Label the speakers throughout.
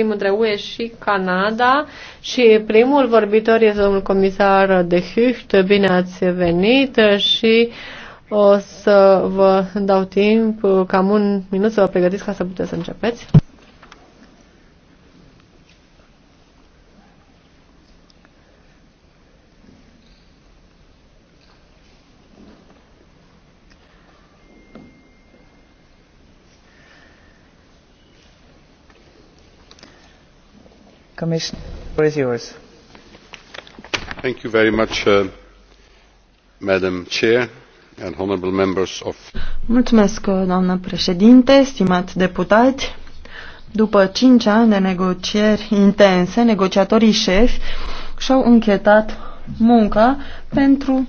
Speaker 1: schimb între UE și Canada și primul vorbitor este domnul comisar de Hucht. Bine ați venit și o să vă dau timp cam un minut să vă pregătiți ca să puteți să începeți.
Speaker 2: Mulțumesc, doamnă președinte, stimați deputați. După cinci ani de negocieri intense, negociatorii șefi și-au închetat munca pentru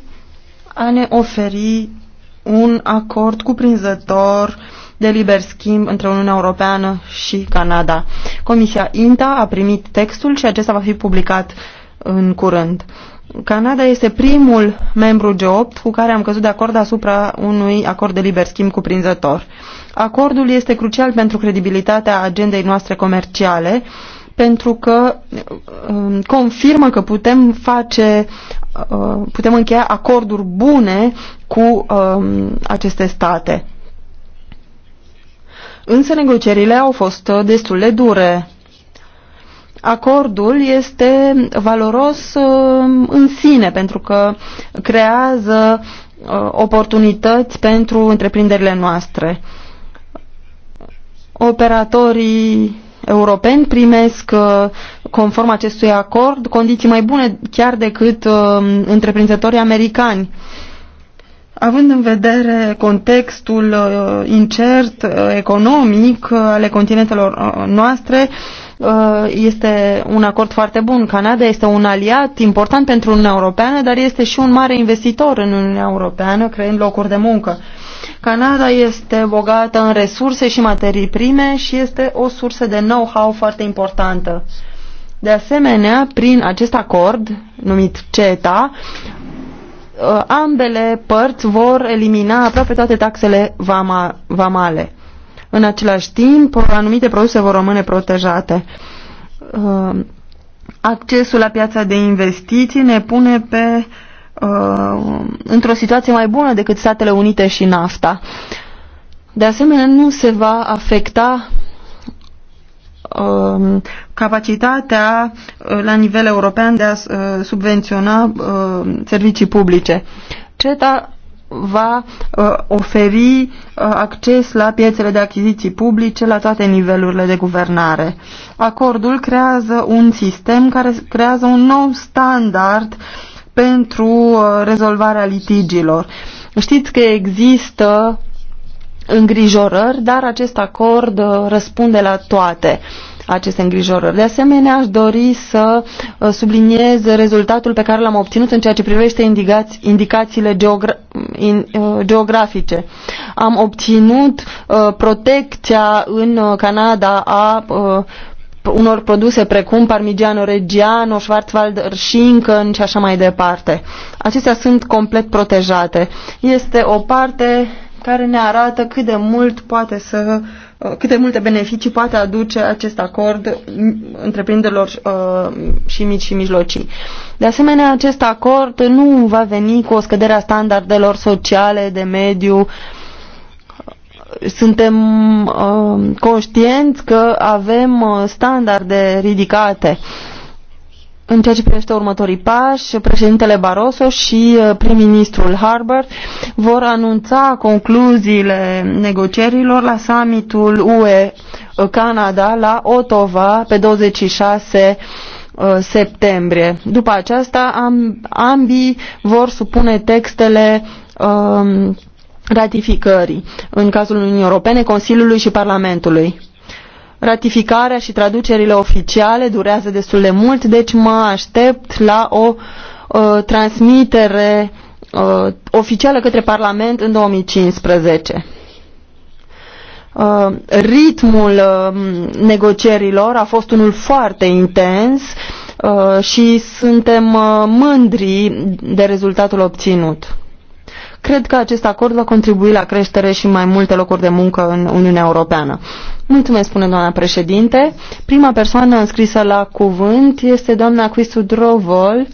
Speaker 2: a ne oferi un acord cuprinzător uh, de liber schimb între Uniunea Europeană și Canada. Comisia INTA a primit textul și acesta va fi publicat în curând. Canada este primul membru G8 cu care am căzut de acord asupra unui acord de liber schimb cuprinzător. Acordul este crucial pentru credibilitatea agendei noastre comerciale, pentru că um, confirmă că putem face, uh, putem încheia acorduri bune cu um, aceste state. Însă negocierile au fost destul de dure. Acordul este valoros uh, în sine pentru că creează uh, oportunități pentru întreprinderile noastre. Operatorii europeni primesc, uh, conform acestui acord, condiții mai bune chiar decât întreprinzătorii americani Având în vedere contextul uh, incert uh, economic uh, ale continentelor noastre, este un acord foarte bun. Canada este un aliat important pentru Uniunea Europeană, dar este și un mare investitor în Uniunea Europeană, creând locuri de muncă. Canada este bogată în resurse și materii prime și este o sursă de know-how foarte importantă. De asemenea, prin acest acord numit CETA, Uh, ambele părți vor elimina aproape toate taxele vama, vamale. În același timp, anumite produse vor rămâne protejate. Uh, accesul la piața de investiții ne pune pe uh, într-o situație mai bună decât Statele Unite și NAFTA. De asemenea, nu se va afecta Um, capacitatea uh, la nivel european de a uh, subvenționa uh, servicii publice. CETA va oferi acces la piețele de achiziții publice la toate nivelurile de guvernare. Acordul creează un sistem care creează un nou standard pentru rezolvarea litigiilor. Știți că există îngrijorări, dar acest acord uh, răspunde la toate aceste îngrijorări. De asemenea, aș dori să uh, subliniez rezultatul pe care l-am obținut în ceea ce privește indicați, indicațiile geogra in, uh, geografice. Am obținut uh, protecția în Canada a uh, unor produse precum Parmigiano Reggiano, Schwarzwalder Schinken și așa mai departe. Acestea sunt complet protejate. Este o parte care ne arată cât de mult poate să uh, cât de multe beneficii poate aduce acest acord întreprinderilor uh, și mici și mijlocii. De asemenea, acest acord nu va veni cu o scădere a standardelor sociale, de mediu. Suntem uh, conștienți că avem standarde ridicate în ceea ce privește următorii pași, președintele Barroso și uh, prim-ministrul Harbert vor anunța concluziile negocierilor la summitul UE uh, Canada la Ottawa pe 26 uh, septembrie. După aceasta, ambii vor supune textele um, ratificării în cazul Uniunii Europene, Consiliului și Parlamentului. Ratificarea și traducerile oficiale durează destul de mult, deci mă aștept la o uh, transmitere uh, oficială către Parlament în 2015. Uh, ritmul uh, negocierilor a fost unul foarte intens uh, și suntem uh, mândri de rezultatul obținut. Cred că acest acord va contribui la creștere și mai multe locuri de muncă în Uniunea Europeană. Mulțumesc, spune doamna președinte. Prima persoană înscrisă la cuvânt este doamna Cristu Drovol.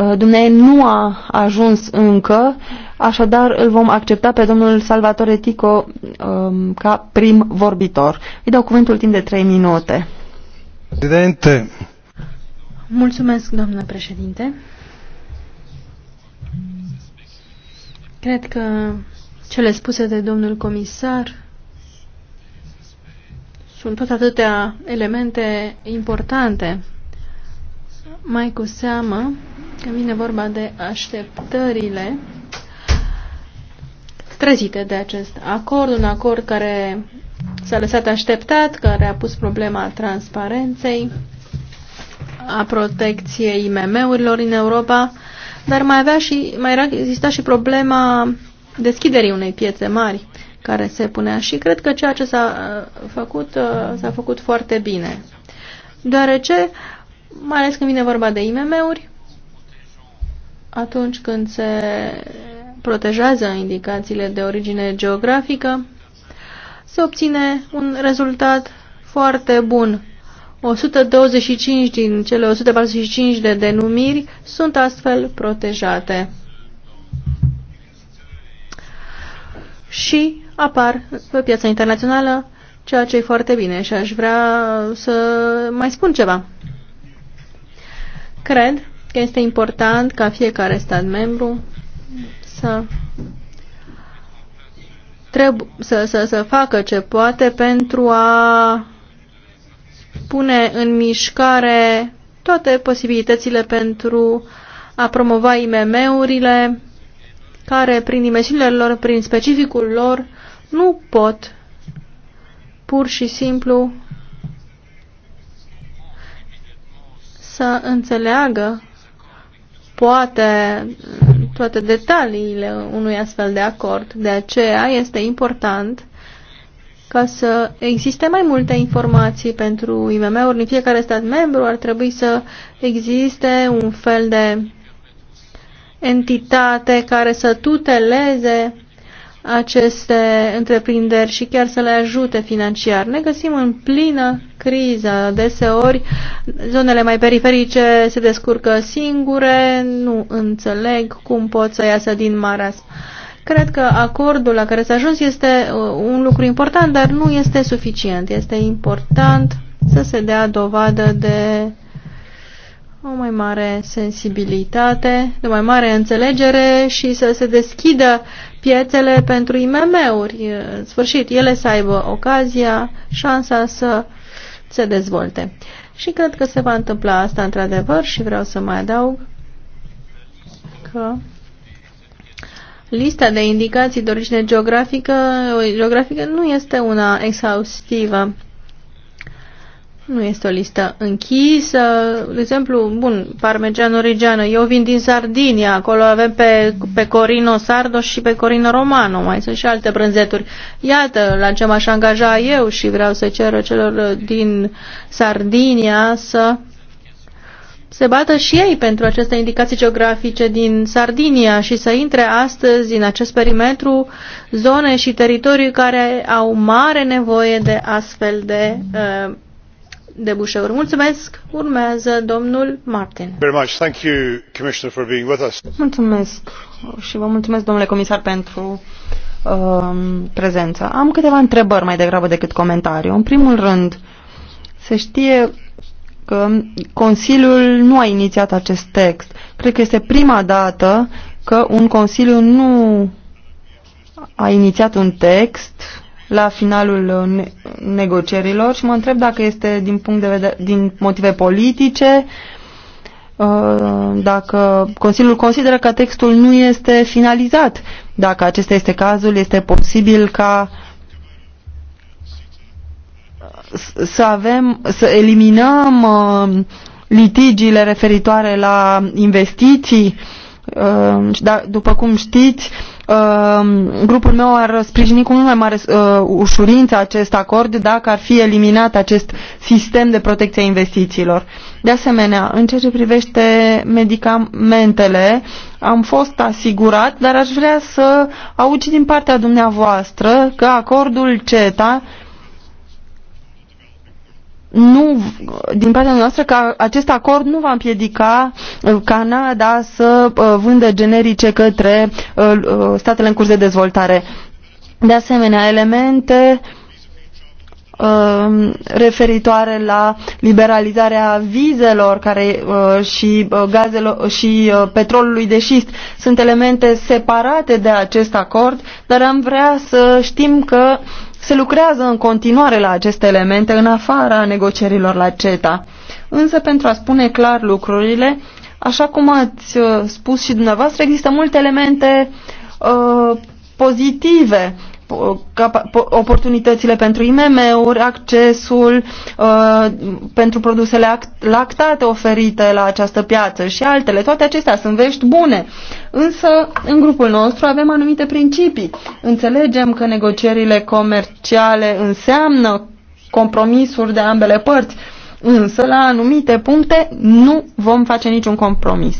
Speaker 2: Uh, dumnezeu nu a ajuns încă, așadar îl vom accepta pe domnul Salvatore Tico um, ca prim vorbitor. Îi dau cuvântul timp de 3 minute.
Speaker 3: Presidente.
Speaker 4: Mulțumesc, doamnă președinte. Cred că cele spuse de domnul comisar sunt tot atâtea elemente importante, mai cu seamă când vine vorba de așteptările trezite de acest acord, un acord care s-a lăsat așteptat, care a pus problema transparenței, a protecției IMM-urilor în Europa, dar mai avea și, mai era, exista și problema deschiderii unei piețe mari care se punea și cred că ceea ce s-a uh, făcut uh, s-a făcut foarte bine. Deoarece, mai ales când vine vorba de IMM-uri, atunci când se protejează indicațiile de origine geografică, se obține un rezultat foarte bun 125 din cele 145 de denumiri sunt astfel protejate. Și apar pe piața internațională, ceea ce e foarte bine și aș vrea să mai spun ceva. Cred că este important ca fiecare stat membru să trebuie să, să, să facă ce poate pentru a pune în mișcare toate posibilitățile pentru a promova IMM-urile care, prin dimensiunile lor, prin specificul lor, nu pot pur și simplu să înțeleagă poate toate detaliile unui astfel de acord. De aceea este important ca să existe mai multe informații pentru IMM-uri în fiecare stat membru, ar trebui să existe un fel de entitate care să tuteleze aceste întreprinderi și chiar să le ajute financiar. Ne găsim în plină criză. Deseori zonele mai periferice se descurcă singure, nu înțeleg cum pot să iasă din maras. Cred că acordul la care s-a ajuns este uh, un lucru important, dar nu este suficient. Este important să se dea dovadă de o mai mare sensibilitate, de o mai mare înțelegere și să se deschidă piețele pentru IMM-uri. Uh, în sfârșit, ele să aibă ocazia, șansa să se dezvolte. Și cred că se va întâmpla asta într-adevăr și vreau să mai adaug că Lista de indicații de origine geografică, geografică nu este una exhaustivă. Nu este o listă închisă. De exemplu, bun, parmegiană origeană. Eu vin din Sardinia, acolo avem pe, pe Corino Sardo și pe Corino Romano. Mai sunt și alte brânzeturi. Iată la ce m-aș angaja eu și vreau să cer celor din Sardinia să se bată și ei pentru aceste indicații geografice din Sardinia și să intre astăzi în acest perimetru zone și teritorii care au mare nevoie de astfel de, uh, de bușeuri. Mulțumesc! Urmează domnul Martin.
Speaker 2: Mulțumesc și vă mulțumesc, domnule comisar, pentru uh, prezență. Am câteva întrebări mai degrabă decât comentariu. În primul rând, se știe că Consiliul nu a inițiat acest text. Cred că este prima dată că un Consiliu nu a inițiat un text la finalul ne negocierilor și mă întreb dacă este din, punct de vedere, din motive politice, uh, dacă Consiliul consideră că textul nu este finalizat. Dacă acesta este cazul, este posibil ca uh, să avem, să eliminăm uh, litigiile referitoare la investiții. Uh, da, după cum știți, uh, grupul meu ar sprijini cu mult mai mare ușurință acest acord dacă ar fi eliminat acest sistem de protecție a investițiilor. De asemenea, în ceea ce privește medicamentele, am fost asigurat, dar aș vrea să aud și din partea dumneavoastră că acordul CETA nu, din partea noastră că acest acord nu va împiedica uh, Canada să uh, vândă generice către uh, statele în curs de dezvoltare. De asemenea, elemente referitoare la liberalizarea vizelor care, și, gazelor, și petrolului de șist sunt elemente separate de acest acord, dar am vrea să știm că uh, se lucrează în continuare la aceste elemente în afara negocierilor la CETA. Însă, pentru a spune clar lucrurile, așa cum ați uh, spus și dumneavoastră, există multe elemente uh, pozitive oportunitățile pentru IMM-uri, accesul uh, pentru produsele lactate oferite la această piață și altele. Toate acestea sunt vești bune. Însă, în grupul nostru avem anumite principii. Înțelegem că negocierile comerciale înseamnă compromisuri de ambele părți, însă la anumite puncte nu vom face niciun compromis.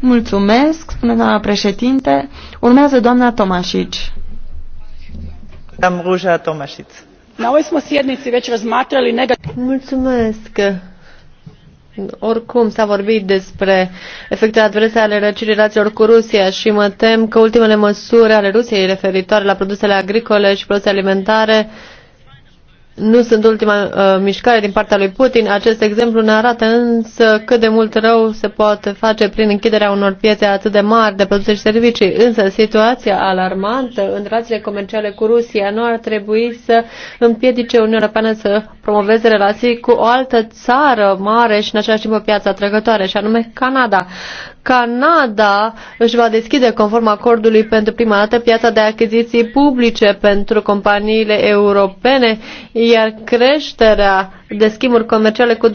Speaker 2: Mulțumesc, spune doamna președinte. Urmează doamna Tomașici.
Speaker 1: Na ovoj smo sjednici već razmatrali negativne... Mulțumesc! Oricum s-a vorbit despre efectele adverse ale relațiilor cu Rusia și mă tem că ultimele măsuri ale Rusiei referitoare la produsele agricole și produse alimentare uh, nu sunt ultima uh, mișcare din partea lui Putin. Acest exemplu ne arată însă cât de mult rău se poate face prin închiderea unor piețe atât de mari de produse și servicii. Însă situația alarmantă în relațiile comerciale cu Rusia nu ar trebui să împiedice Uniunea Europeană să promoveze relații cu o altă țară mare și în același timp o piață atrăgătoare, și anume Canada, Canada își va deschide conform acordului pentru prima dată piața de achiziții publice pentru companiile europene, iar creșterea de schimburi comerciale cu 23%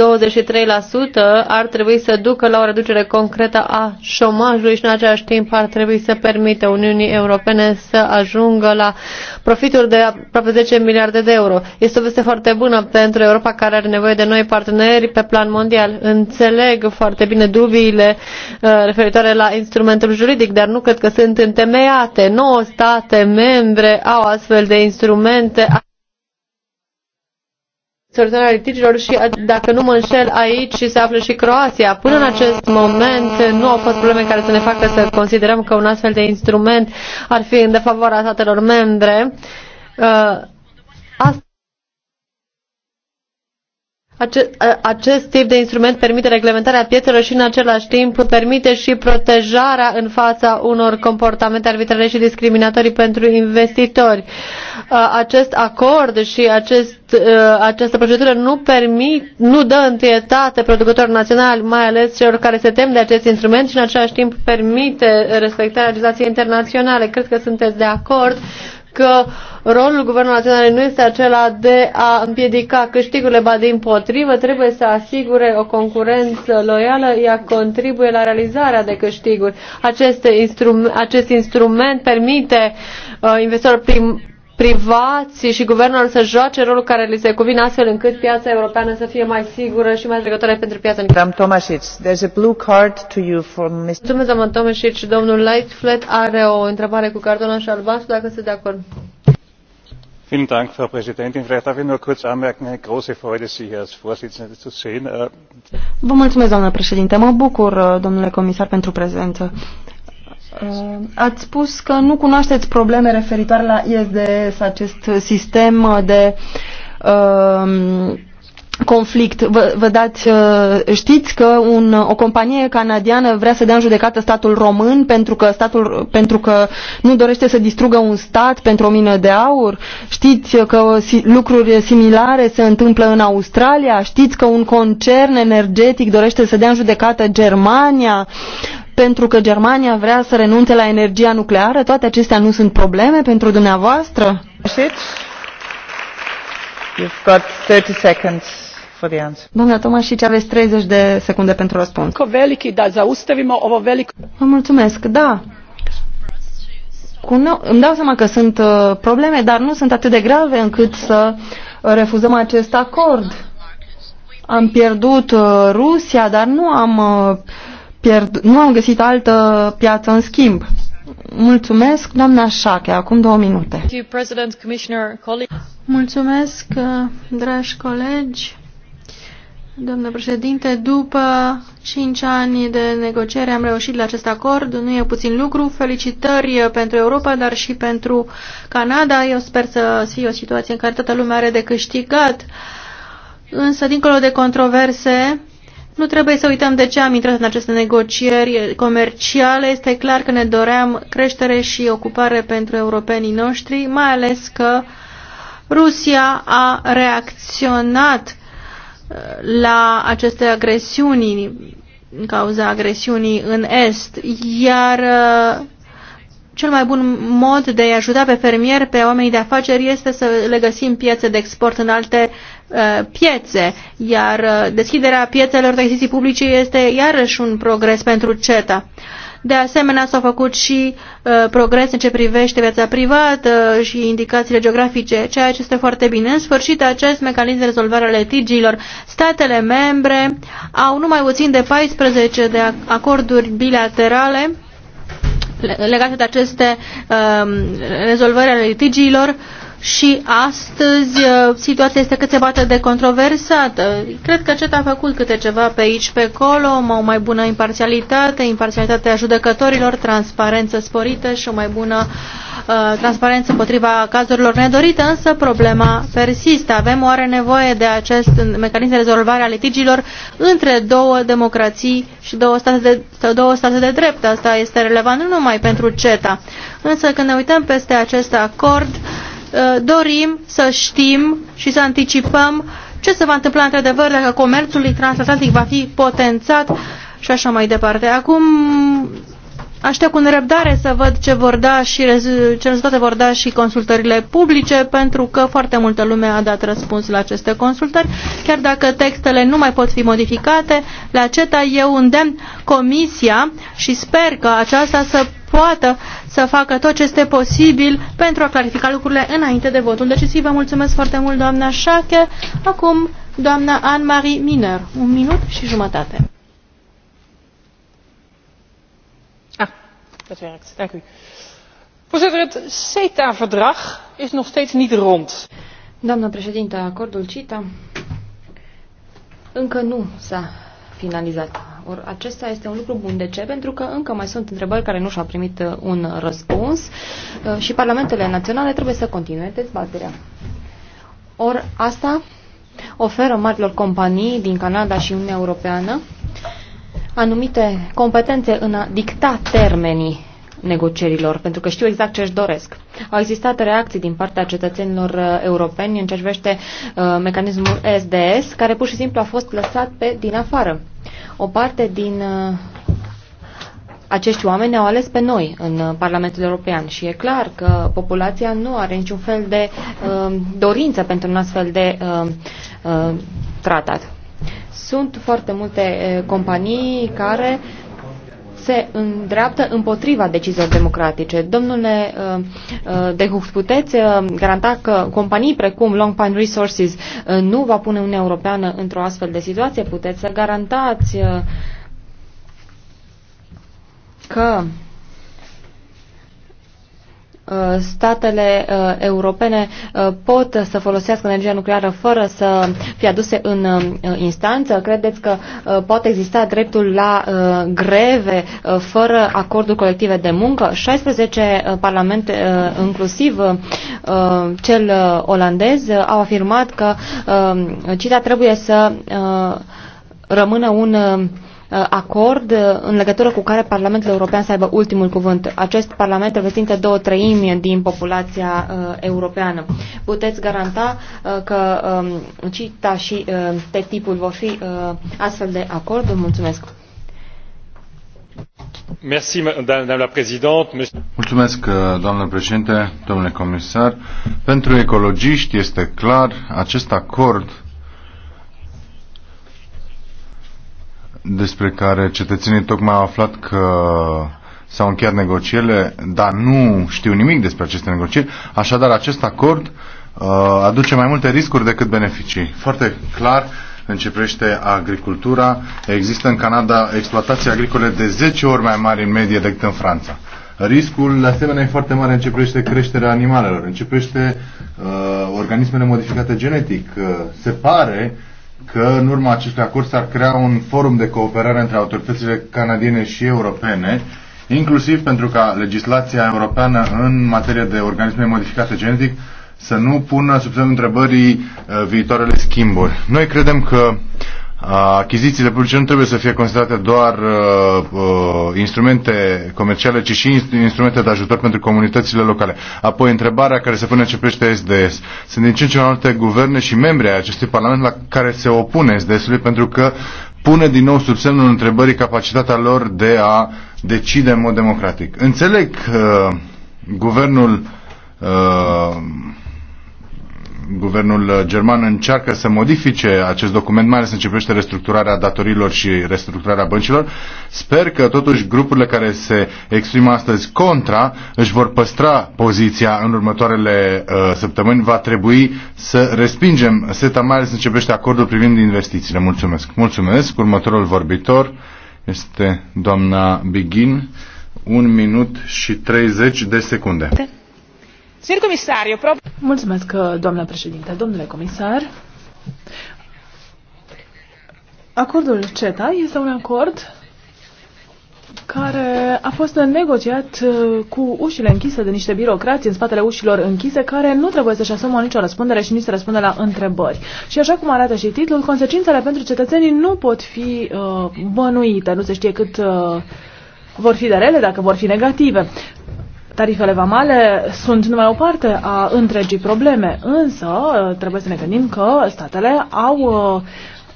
Speaker 1: ar trebui să ducă la o reducere concretă a șomajului și în același timp ar trebui să permită Uniunii Europene să ajungă la profituri de aproape 10 miliarde de euro. Este o veste foarte bună pentru Europa care are nevoie de noi parteneri pe plan mondial. Înțeleg foarte bine dubiile uh, referitoare la instrumentul juridic, dar nu cred că sunt întemeiate. 9 state membre au astfel de instrumente soluționarea litigilor și, dacă nu mă înșel, aici se află și Croația. Până în acest moment nu au fost probleme care să ne facă să considerăm că un astfel de instrument ar fi în defavoarea statelor membre. Uh, Asta acest, tip de instrument permite reglementarea piețelor și în același timp permite și protejarea în fața unor comportamente arbitrare și discriminatorii pentru investitori. Acest acord și acest, această procedură nu, permit, nu dă întâietate producătorilor naționali, mai ales celor care se tem de acest instrument și în același timp permite respectarea legislației internaționale. Cred că sunteți de acord că rolul Guvernului Național nu este acela de a împiedica câștigurile, ba din potrivă, trebuie să asigure o concurență loială, ea contribuie la realizarea de câștiguri. Acest instrument, acest instrument permite uh, investitorilor prim, privați și guvernul să joace rolul care li se cuvine astfel încât piața europeană să fie mai sigură și mai atrăgătoare pentru piața There's a blue card to you from Mr. Mulțumesc, domnul Tomasic. Domnul Lightflat are o întrebare cu cartonul și albastru, dacă sunt de acord.
Speaker 3: Vielen Dank, Frau Präsidentin. Vielleicht darf ich nur kurz anmerken, eine große Freude, Sie hier als Vorsitzende zu sehen. Äh,
Speaker 2: Vă mulțumesc, doamnă președinte. Mă bucur, domnule comisar, pentru prezență. Uh, ați spus că nu cunoașteți probleme referitoare la ISDS, acest sistem de uh, conflict. Vă, vă dați, uh, știți că un, o companie canadiană vrea să dea în judecată statul român pentru că, statul, pentru că nu dorește să distrugă un stat pentru o mină de aur? Știți că lucruri similare se întâmplă în Australia? Știți că un concern energetic dorește să dea în judecată Germania pentru că Germania vrea să renunțe la energia nucleară? Toate acestea nu sunt probleme pentru dumneavoastră? You've got 30 seconds aveți 30 de secunde pentru răspuns. da, Vă mulțumesc, da. no- îmi dau seama că sunt uh, probleme, dar nu sunt atât de grave încât să uh, refuzăm acest acord. Am pierdut uh, Rusia, dar nu am uh, pierd, nu am găsit altă piață în schimb. Mulțumesc, doamna Șache, acum două minute.
Speaker 4: Mulțumesc, uh, dragi colegi. Domnule președinte, după cinci ani de negociere am reușit la acest acord. Nu e puțin lucru. Felicitări pentru Europa, dar și pentru Canada. Eu sper să fie o situație în care toată lumea are de câștigat. Însă, dincolo de controverse, nu trebuie să uităm de ce am intrat în aceste negocieri comerciale. Este clar că ne doream creștere și ocupare pentru europenii noștri, mai ales că Rusia a reacționat uh, la aceste agresiuni, în cauza agresiunii în Est, iar uh, cel mai bun mod de a ajuta pe fermieri, pe oamenii de afaceri, este să le găsim piețe de export în alte uh, piețe, iar uh, deschiderea piețelor de achiziții publice este iarăși un progres pentru CETA. De asemenea, s-au făcut și uh, progres în ce privește viața privată și indicațiile geografice, ceea ce este foarte bine. În sfârșit, acest mecanism de rezolvare a litigiilor, statele membre au numai puțin de 14 de acorduri bilaterale legate de aceste um, rezolvări ale litigiilor și astăzi uh, situația este cât se poate de controversată. Cred că CETA a făcut câte ceva pe aici, pe acolo, o mai bună imparțialitate, imparțialitatea judecătorilor, transparență sporită și o mai bună uh, transparență împotriva cazurilor nedorite, însă problema persistă. Avem oare nevoie de acest mecanism de rezolvare a litigilor între două democrații și două state de, două state de drept. Asta este relevant nu numai pentru CETA. Însă când ne uităm peste acest acord, uh, Uh, dorim să știm și să anticipăm ce se va întâmpla într-adevăr dacă comerțul transatlantic va fi potențat și așa mai departe. Acum Aștept cu nerăbdare să văd ce vor da și ce rezultate vor da și consultările publice, pentru că foarte multă lume a dat răspuns la aceste consultări. Chiar dacă textele nu mai pot fi modificate, la CETA eu îndemn Comisia și sper că aceasta să poată să facă tot ce este posibil pentru a clarifica lucrurile înainte de votul decisiv. Vă mulțumesc foarte mult, doamna Șache. Acum, doamna Anne-Marie Miner. Un minut și jumătate.
Speaker 3: voorzitter het ceta verdrag is nog steeds niet rond.
Speaker 5: doamnă președintă acordul ceta încă nu s a finalizat. Or, acesta este un lucru bun. De ce? Pentru că încă mai sunt întrebări care nu și-au primit uh, un răspuns uh, și parlamentele naționale trebuie să continue dezbaterea. Or, asta oferă marilor companii din Canada și Uniunea Europeană anumite competențe în a dicta termenii negocierilor, pentru că știu exact ce își doresc. Au existat reacții din partea cetățenilor uh, europeni în ce privește uh, mecanismul SDS, care pur și simplu a fost lăsat pe din afară. O parte din uh, acești oameni au ales pe noi în uh, Parlamentul European și e clar că populația nu are niciun fel de uh, dorință pentru un astfel de uh, uh, tratat. Sunt foarte multe companii care se îndreaptă împotriva deciziilor democratice. Domnule De Hucht, puteți garanta că companii precum Long Pine Resources nu va pune Uniunea Europeană într-o astfel de situație? Puteți să garantați că Uh, statele uh, europene uh, pot să folosească energia nucleară fără să fie aduse în instanță? Credeți că poate exista dreptul la greve fără acorduri colective de muncă? 16 parlamente, inclusiv cel olandez, au afirmat că CITA trebuie să rămână un Uh, acord uh, în legătură cu care Parlamentul European să aibă ultimul cuvânt. Acest Parlament reprezintă două treimi din populația uh, europeană. Puteți garanta că um, CITA și TTIP-ul vor fi astfel de acord? Mulțumesc!
Speaker 3: Mulțumesc, doamnă președinte, domnule comisar. Pentru ecologiști este clar, acest acord despre care cetățenii tocmai au aflat că s-au încheiat negocierile, dar nu știu nimic despre aceste negocieri. Așadar, acest acord uh, aduce mai multe riscuri decât beneficii. Foarte clar, începește agricultura. Există în Canada exploatații agricole de 10 ori mai mari în medie decât în Franța. Riscul, de asemenea, e foarte mare, începește creșterea animalelor, începește uh, organismele modificate genetic. Uh, se pare uh, că în urma acestui acord s-ar crea un forum de cooperare între autoritățile canadiene și europene, inclusiv pentru ca legislația europeană în materie de organisme modificate genetic să nu pună sub semnul întrebării eh, viitoarele schimburi. Noi credem că achizițiile publice nu trebuie să fie considerate doar uh, uh, instrumente comerciale, ci și instrumente de ajutor pentru comunitățile locale. Apoi, întrebarea care se pune începește SDS. Sunt din ce în ce mai multe guverne și membri ai acestui parlament la care se opune SDS-ului pentru că pune din nou sub semnul întrebării capacitatea lor de a decide în mod democratic. Înțeleg uh, guvernul uh, guvernul german încearcă să modifice acest document, mai ales începește restructurarea datorilor și restructurarea băncilor. Sper că totuși grupurile care se exprimă astăzi contra își vor păstra poziția în următoarele uh, săptămâni. Va trebui să respingem SETA, mai ales începește acordul privind investițiile. Mulțumesc! Mulțumesc! Următorul vorbitor este doamna Begin. Un minut și 30 de secunde.
Speaker 6: De- Mulțumesc, doamnă președinte. Domnule comisar, acordul CETA este un acord care a fost negociat uh, cu ușile închise de niște birocrați în spatele ușilor închise care nu trebuie să-și asumă nicio răspundere și nici să răspundă la întrebări. Și așa cum arată și titlul, consecințele pentru cetățenii nu pot fi uh, bănuite, nu se știe cât uh, vor fi de rele, dacă vor fi negative. Tarifele vamale sunt numai o parte a întregii probleme, însă uh, trebuie să ne gândim că statele au uh,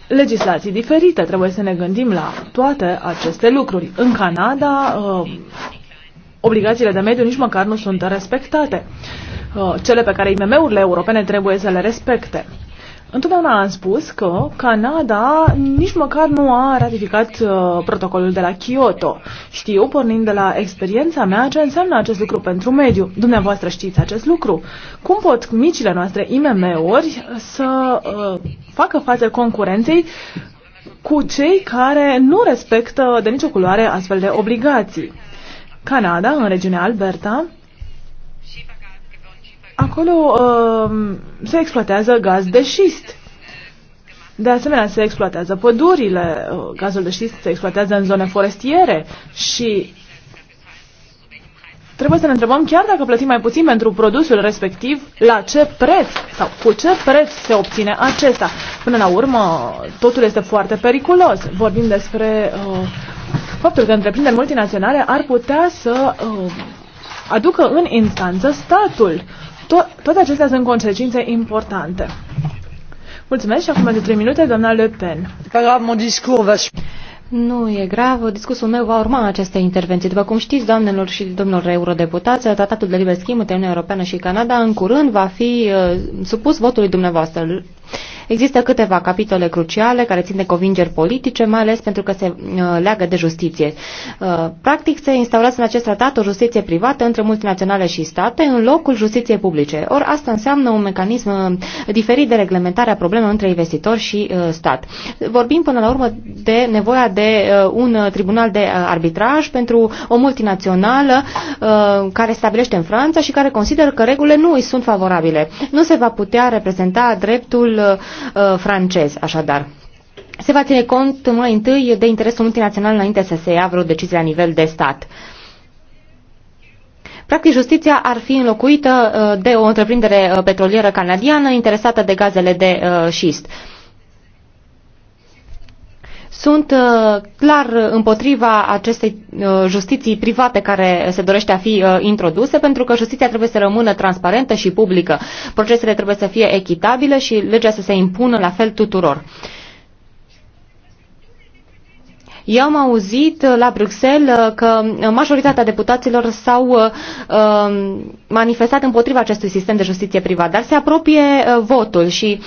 Speaker 6: legislații diferite. Trebuie să ne gândim la toate aceste lucruri. În Canada, uh, obligațiile de mediu nici măcar nu sunt respectate. Cele pe care IMM-urile europene trebuie să le respecte. Întotdeauna am spus că Canada nici măcar nu a ratificat uh, protocolul de la Kyoto. Știu, pornind de la experiența mea, ce înseamnă acest lucru pentru mediu. Dumneavoastră știți acest lucru. Cum pot micile noastre IMM-uri să uh, facă față concurenței cu cei care nu respectă de nicio culoare astfel de obligații? Canada, în regiunea Alberta, Acolo uh, se exploatează gaz de șist. De asemenea, se exploatează pădurile, uh, gazul de șist se exploatează în zone forestiere și trebuie să ne întrebăm chiar dacă plătim mai puțin pentru produsul respectiv, la ce preț sau cu ce preț se obține acesta. Până la urmă, totul este foarte periculos. Vorbim despre uh, faptul că întreprinderi multinaționale ar putea să uh, aducă în instanță statul. Uh, To- toate acestea sunt consecințe
Speaker 5: importante. Mulțumesc și acum de trei minute, doamna Le Pen. Nu e grav, discursul meu va urma aceste intervenții. După cum știți, doamnelor și domnilor eurodeputați, tratatul de liber schimb între Uniunea Europeană și Canada în curând va fi uh, supus votului dumneavoastră. Există câteva capitole cruciale care țin de convingeri politice, mai ales pentru că se uh, leagă de justiție. Uh, practic se instaurează în acest tratat o justiție privată între multinaționale și state în locul justiției publice. Or asta înseamnă un mecanism uh, diferit de reglementare a problemelor între investitori și stat. Vorbim până la urmă de nevoia de un tribunal de arbitraj pentru o multinațională care stabilește în Franța și care consideră că regulile nu îi sunt favorabile. Nu se va putea reprezenta dreptul Uh, francez, așadar. Se va ține cont mai întâi de interesul multinațional înainte să se ia vreo decizie la nivel de stat. Practic, justiția ar fi înlocuită uh, de o întreprindere uh, petrolieră canadiană interesată de gazele de șist. Sunt uh, clar împotriva acestei uh, justiții private care se dorește a fi uh, introduse, pentru că justiția trebuie să rămână transparentă și publică. Procesele trebuie să fie echitabile și legea să se impună la fel tuturor. Eu am auzit uh, la Bruxelles uh, că uh, majoritatea deputaților s-au um, manifestat împotriva acestui sistem de justiție privat, dar se apropie votul și,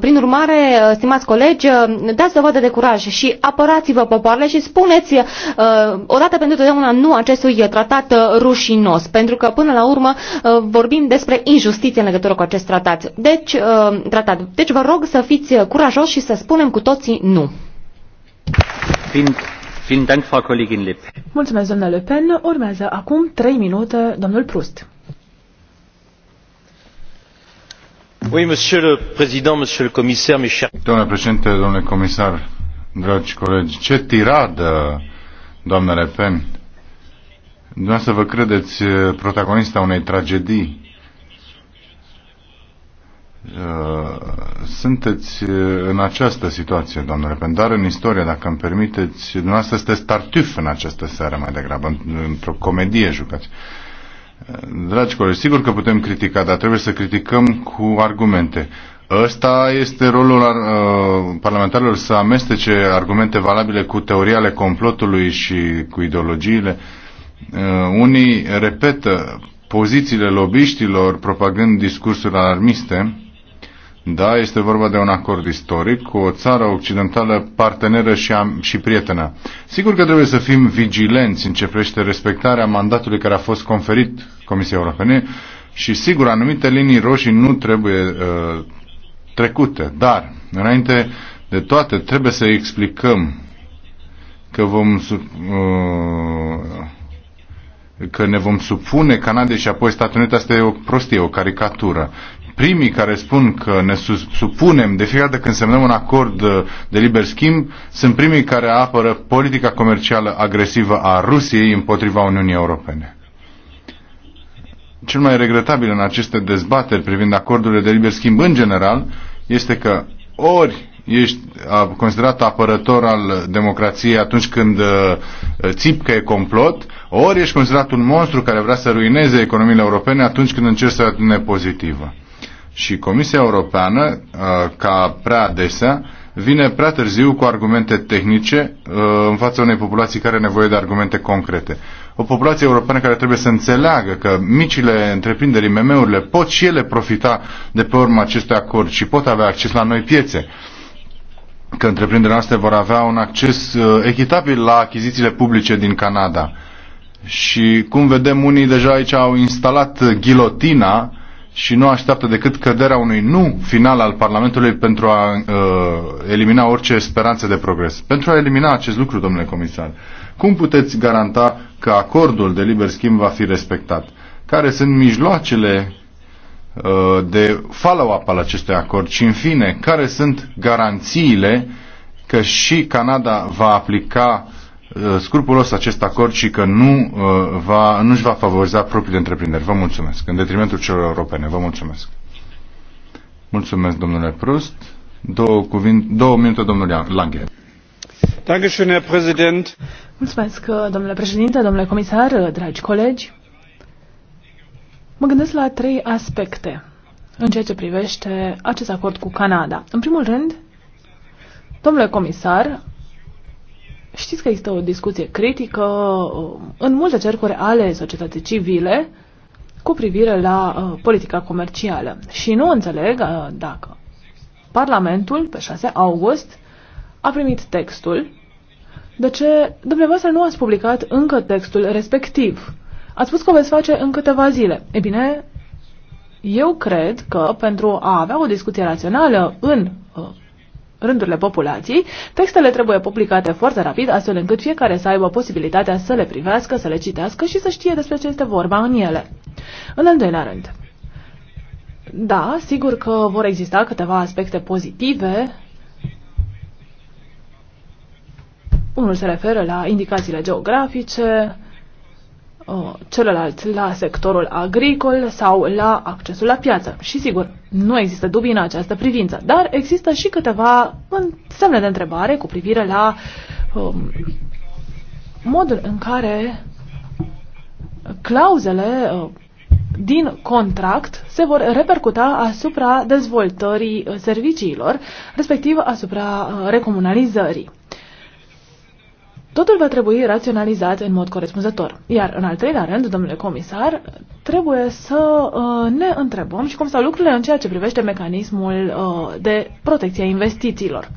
Speaker 5: prin urmare, stimați colegi, dați dovadă de curaj și apărați-vă popoarele și spuneți odată pentru totdeauna nu acestui tratat rușinos, pentru că, până la urmă, vorbim despre injustiție în legătură cu acest tratat. Deci, tratat. Deci, vă rog să fiți curajoși și să spunem cu toții nu. Mulțumesc, doamna Le Pen. Urmează acum
Speaker 6: trei minute domnul Prust.
Speaker 3: Oui, monsieur le président, monsieur le commissaire, mes chers... Domnule președinte, domnule comisar, dragi colegi, ce tiradă, doamnă Le Pen! Dumneavoastră vă credeți protagonista unei tragedii Uh, sunteți uh, în această situație, domnule Pendar, în istorie, dacă îmi permiteți, dumneavoastră sunteți tartuf în această seară mai degrabă, într-o comedie jucați. Uh, dragi colegi, sigur că putem critica, dar trebuie să criticăm cu argumente. Ăsta este rolul uh, parlamentarilor să amestece argumente valabile cu teoria ale complotului și cu ideologiile. Uh, unii repetă pozițiile lobiștilor propagând discursuri alarmiste da, este vorba de un acord istoric cu o țară occidentală parteneră și, am, și prietenă. Sigur că trebuie să fim vigilenți în ce privește respectarea mandatului care a fost conferit Comisiei Europene și sigur, anumite linii roșii nu trebuie uh, trecute, dar înainte de toate trebuie să explicăm că vom uh, că ne vom supune Canadei și apoi Statele Unite, asta e o prostie, o caricatură primii care spun că ne supunem de fiecare dată când semnăm un acord uh, de liber schimb, sunt primii care apără politica comercială agresivă a Rusiei împotriva Uniunii Europene. Cel mai regretabil în aceste dezbateri privind acordurile de liber schimb în general este că ori ești considerat apărător al democrației atunci când uh, țip că e complot, ori ești considerat un monstru care vrea să ruineze economiile europene atunci când încerci să ne pozitivă. Și Comisia Europeană, uh, ca prea adesea, vine prea târziu cu argumente tehnice uh, în fața unei populații care are nevoie de argumente concrete. O populație europeană care trebuie să înțeleagă că micile întreprinderi, MM-urile, pot și ele profita de pe urma acestui acord și pot avea acces la noi piețe că întreprinderile noastre vor avea un acces uh, echitabil la achizițiile publice din Canada. Și cum vedem, unii deja aici au instalat ghilotina și nu așteaptă decât căderea unui nu final al Parlamentului pentru a uh, elimina orice speranță de progres. Pentru a elimina acest lucru, domnule comisar, cum puteți garanta că acordul de liber schimb va fi respectat? Care sunt mijloacele uh, de follow-up al acestui acord? Și, în fine, care sunt garanțiile că și Canada va aplica uh, Uh, scrupulos acest acord și că nu uh, va, nu-și va favoriza propriile întreprinderi. Vă mulțumesc. În detrimentul celor europene. Vă mulțumesc. Mulțumesc, domnule Prost. Două, cuvinte, două minute, domnule Lange.
Speaker 6: Mulțumesc, uh, domnule președinte, domnule comisar, dragi colegi. Mă gândesc la trei aspecte în ceea ce privește acest acord cu Canada. În primul rând, domnule comisar, Știți că există o discuție critică um, în multe cercuri ale societății civile cu privire la uh, politica comercială. Și nu înțeleg uh, dacă Parlamentul, pe 6 august, a primit textul, de ce dumneavoastră nu ați publicat încă textul respectiv. Ați spus că o veți face în câteva zile. E bine, eu cred că pentru a avea o discuție rațională în uh, rândurile populației, textele trebuie publicate foarte rapid, astfel încât fiecare să aibă posibilitatea să le privească, să le citească și să știe despre ce este vorba în ele. În al doilea rând, da, sigur că vor exista câteva aspecte pozitive. Unul se referă la indicațiile geografice, Uh, celălalt la sectorul agricol sau la accesul la piață. Și sigur, nu există dubii în această privință, dar există și câteva semne de întrebare cu privire la um, modul în care clauzele uh, din contract se vor repercuta asupra dezvoltării uh, serviciilor, respectiv asupra uh, recomunalizării. Totul va trebui raționalizat în mod corespunzător. Iar în al treilea rând, domnule comisar, trebuie să uh, ne întrebăm și cum stau lucrurile în ceea ce privește mecanismul uh, de protecție a investițiilor.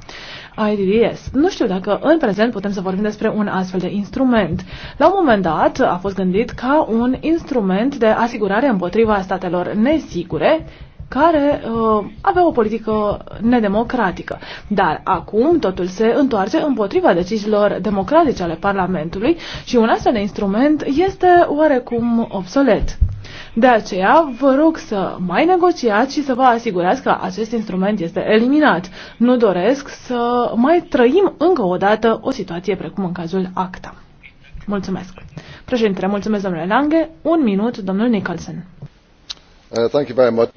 Speaker 6: IDDS. Nu știu dacă în prezent putem să vorbim despre un astfel de instrument. La un moment dat a fost gândit ca un instrument de asigurare împotriva statelor nesigure care uh, avea o politică nedemocratică. Dar acum totul se întoarce împotriva deciziilor democratice ale Parlamentului și un astfel de instrument este oarecum obsolet. De aceea, vă rog să mai negociați și să vă asigurați că acest instrument este eliminat. Nu doresc să mai trăim încă o dată o situație precum în cazul ACTA. Mulțumesc. Președintele, mulțumesc domnule Lange.
Speaker 5: Un minut, domnul Nicholson.
Speaker 3: Uh, thank you very much.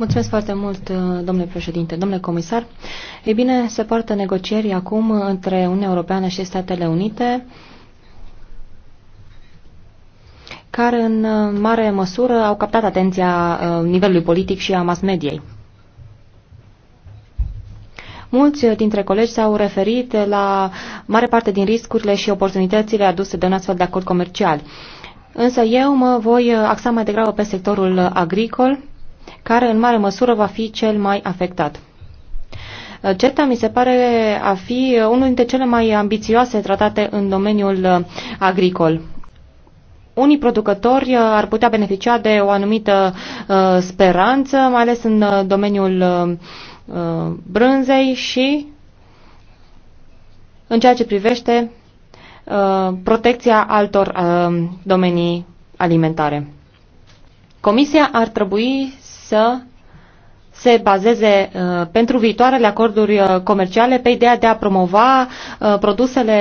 Speaker 5: Mulțumesc foarte mult, uh, domnule președinte, domnule comisar. Ei bine, se poartă negocieri acum între Uniunea Europeană și Statele Unite care în uh, mare măsură au captat atenția uh, nivelului politic și a mass-mediei. Mulți dintre colegi s-au referit la mare parte din riscurile și oportunitățile aduse de un astfel de acord comercial. Însă eu mă voi axa mai degrabă pe sectorul agricol care în mare măsură va fi cel mai afectat. CETA mi se pare a fi unul dintre cele mai ambițioase tratate în domeniul uh, agricol. Unii producători uh, ar putea beneficia de o anumită uh, speranță, mai ales în domeniul brânzei și în ceea ce privește protecția altor domenii alimentare. Comisia ar trebui să se bazeze uh, pentru viitoarele acorduri uh, comerciale pe ideea de a promova uh, produsele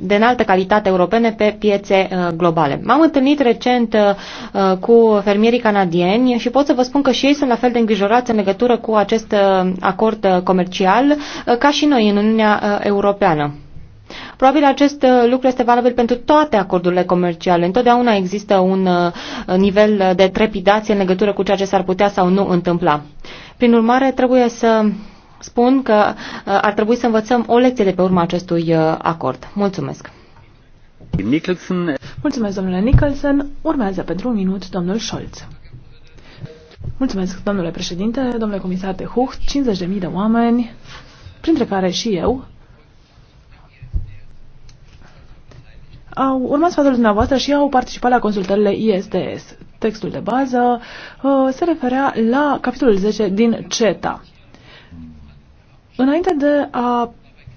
Speaker 5: de înaltă calitate europene pe piețe globale. M-am întâlnit recent cu fermierii canadieni și pot să vă spun că și ei sunt la fel de îngrijorați în legătură cu acest acord comercial ca și noi în Uniunea Europeană. Probabil acest uh, lucru este valabil pentru toate acordurile comerciale. Întotdeauna există un uh, nivel de trepidație în legătură cu ceea ce s-ar putea sau nu întâmpla. Prin urmare, trebuie să spun că uh, ar trebui să învățăm o lecție de pe urma acestui acord. Mulțumesc! Nicholson.
Speaker 6: Mulțumesc, domnule Nicholson. Urmează pentru un minut domnul Scholz. Mulțumesc, domnule președinte, domnule comisar de Hucht, 50.000 de oameni, printre care și eu, au urmat sfatul dumneavoastră și au participat la consultările ISDS. Textul de bază uh, se referea la capitolul 10 din CETA. Înainte de a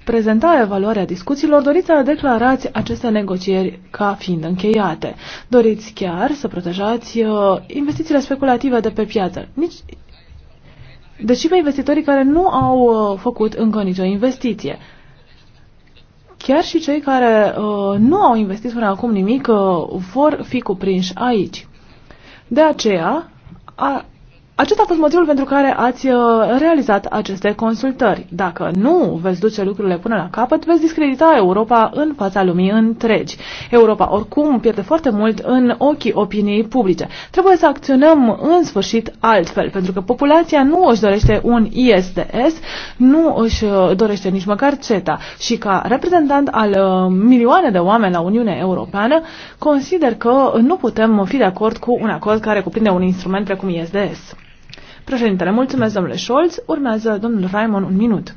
Speaker 6: prezenta evaluarea discuțiilor, doriți să declarați aceste negocieri ca fiind încheiate. Doriți chiar să protejați uh, investițiile speculative de pe piață. Nici deci și pe investitorii care nu au uh, făcut încă nicio investiție. Chiar și cei care uh, nu au investit până acum nimic uh, vor fi cuprinși aici. De aceea, a, acesta a fost motivul pentru care ați uh, realizat aceste consultări. Dacă nu veți duce lucrurile până la capăt, veți discredita Europa în fața lumii întregi. Europa oricum pierde foarte mult în ochii opiniei publice. Trebuie să acționăm în sfârșit altfel, pentru că populația nu își dorește un ISDS, nu își uh, dorește nici măcar CETA și ca reprezentant al uh, milioane de oameni la Uniunea Europeană, consider că nu putem fi de acord cu un acord care cuprinde un instrument precum ISDS. Președintele, mulțumesc, domnule Scholz. Urmează domnul Raimon un minut.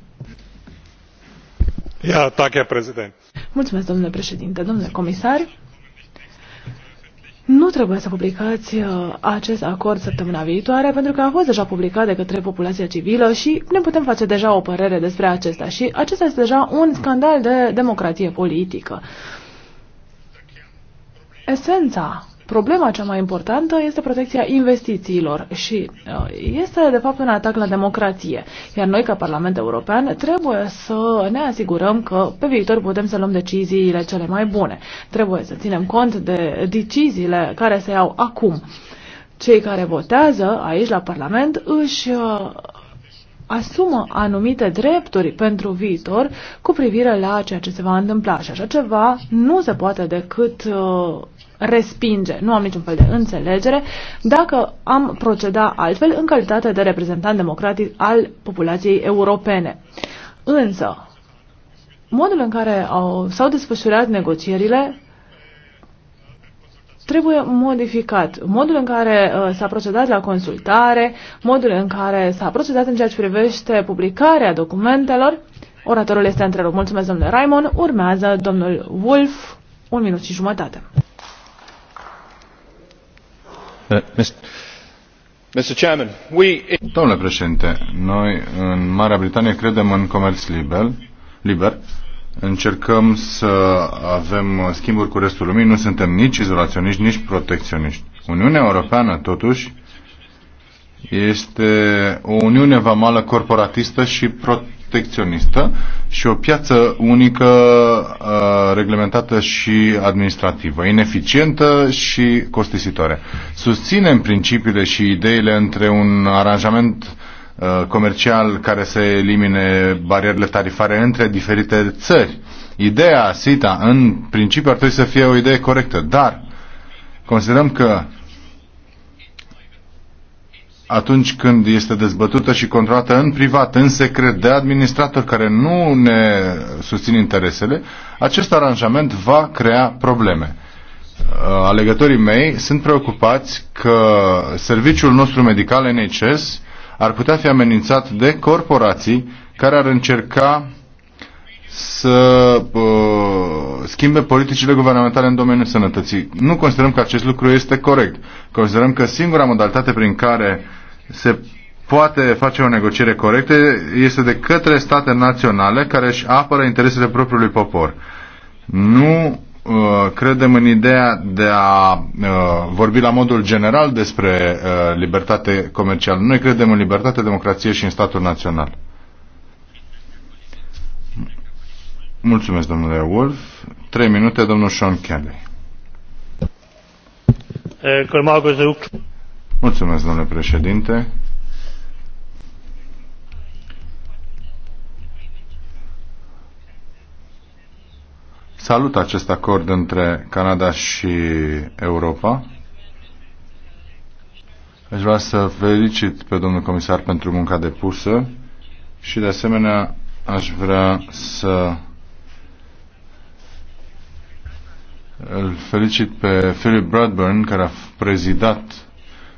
Speaker 3: Ia, tachea, prezident.
Speaker 6: Mulțumesc, domnule președinte, domnule comisar. Nu trebuie să publicați uh, acest acord săptămâna viitoare, pentru că a fost deja publicat de către populația civilă și ne putem face deja o părere despre acesta. Și acesta este deja un scandal de democrație politică. Esența Problema cea mai importantă este protecția investițiilor și uh, este de fapt un atac la democrație. Iar noi ca Parlament European trebuie să ne asigurăm că pe viitor putem să luăm deciziile cele mai bune. Trebuie să ținem cont de deciziile care se iau acum. Cei care votează aici la Parlament își uh, asumă anumite drepturi pentru viitor cu privire la ceea ce se va întâmpla. Și așa ceva nu se poate decât uh, respinge. Nu am niciun fel de înțelegere dacă am proceda altfel în calitate de reprezentant democratic al populației europene. Însă, modul în care au, s-au desfășurat negocierile trebuie modificat. Modul în care uh, s-a procedat la consultare, modul în care s-a procedat în ceea ce privește publicarea documentelor. Oratorul este întrerupt. Mulțumesc, domnule Raimon. Urmează domnul Wolf, un minut și jumătate.
Speaker 3: Uh, domnule președinte, noi în Marea Britanie credem în comerț liber, liber Încercăm să avem schimburi cu restul lumii, nu suntem nici izolaționiști, nici protecționiști. Uniunea Europeană, totuși, este o uniune vamală corporatistă și protecționistă și o piață unică uh, reglementată și administrativă, ineficientă și costisitoare. Susținem principiile și ideile între un aranjament Uh, comercial care să elimine barierele tarifare între diferite țări. Ideea SITA, în principiu, ar trebui să fie o idee corectă, dar considerăm că atunci când este dezbătută și controlată în privat, în secret, de administratori care nu ne susțin interesele, acest aranjament va crea probleme. Uh, alegătorii mei sunt preocupați că serviciul nostru medical NHS ar putea fi amenințat de corporații care ar încerca să uh, schimbe politicile guvernamentale în domeniul sănătății. Nu considerăm că acest lucru este corect. Considerăm că singura modalitate prin care se poate face o negociere corectă este de către state naționale care își apără interesele propriului popor. Nu Uh, credem în ideea de a uh, vorbi la modul general despre uh, libertate comercială. Noi credem în libertate, democrație și în statul național. Mulțumesc, domnule Wolf. Trei minute, domnul Sean Kelly. Eh, Mulțumesc, domnule președinte. Salut acest acord între Canada și Europa. Aș vrea să felicit pe domnul comisar pentru munca depusă și de asemenea aș vrea să îl felicit pe Philip Bradburn care a prezidat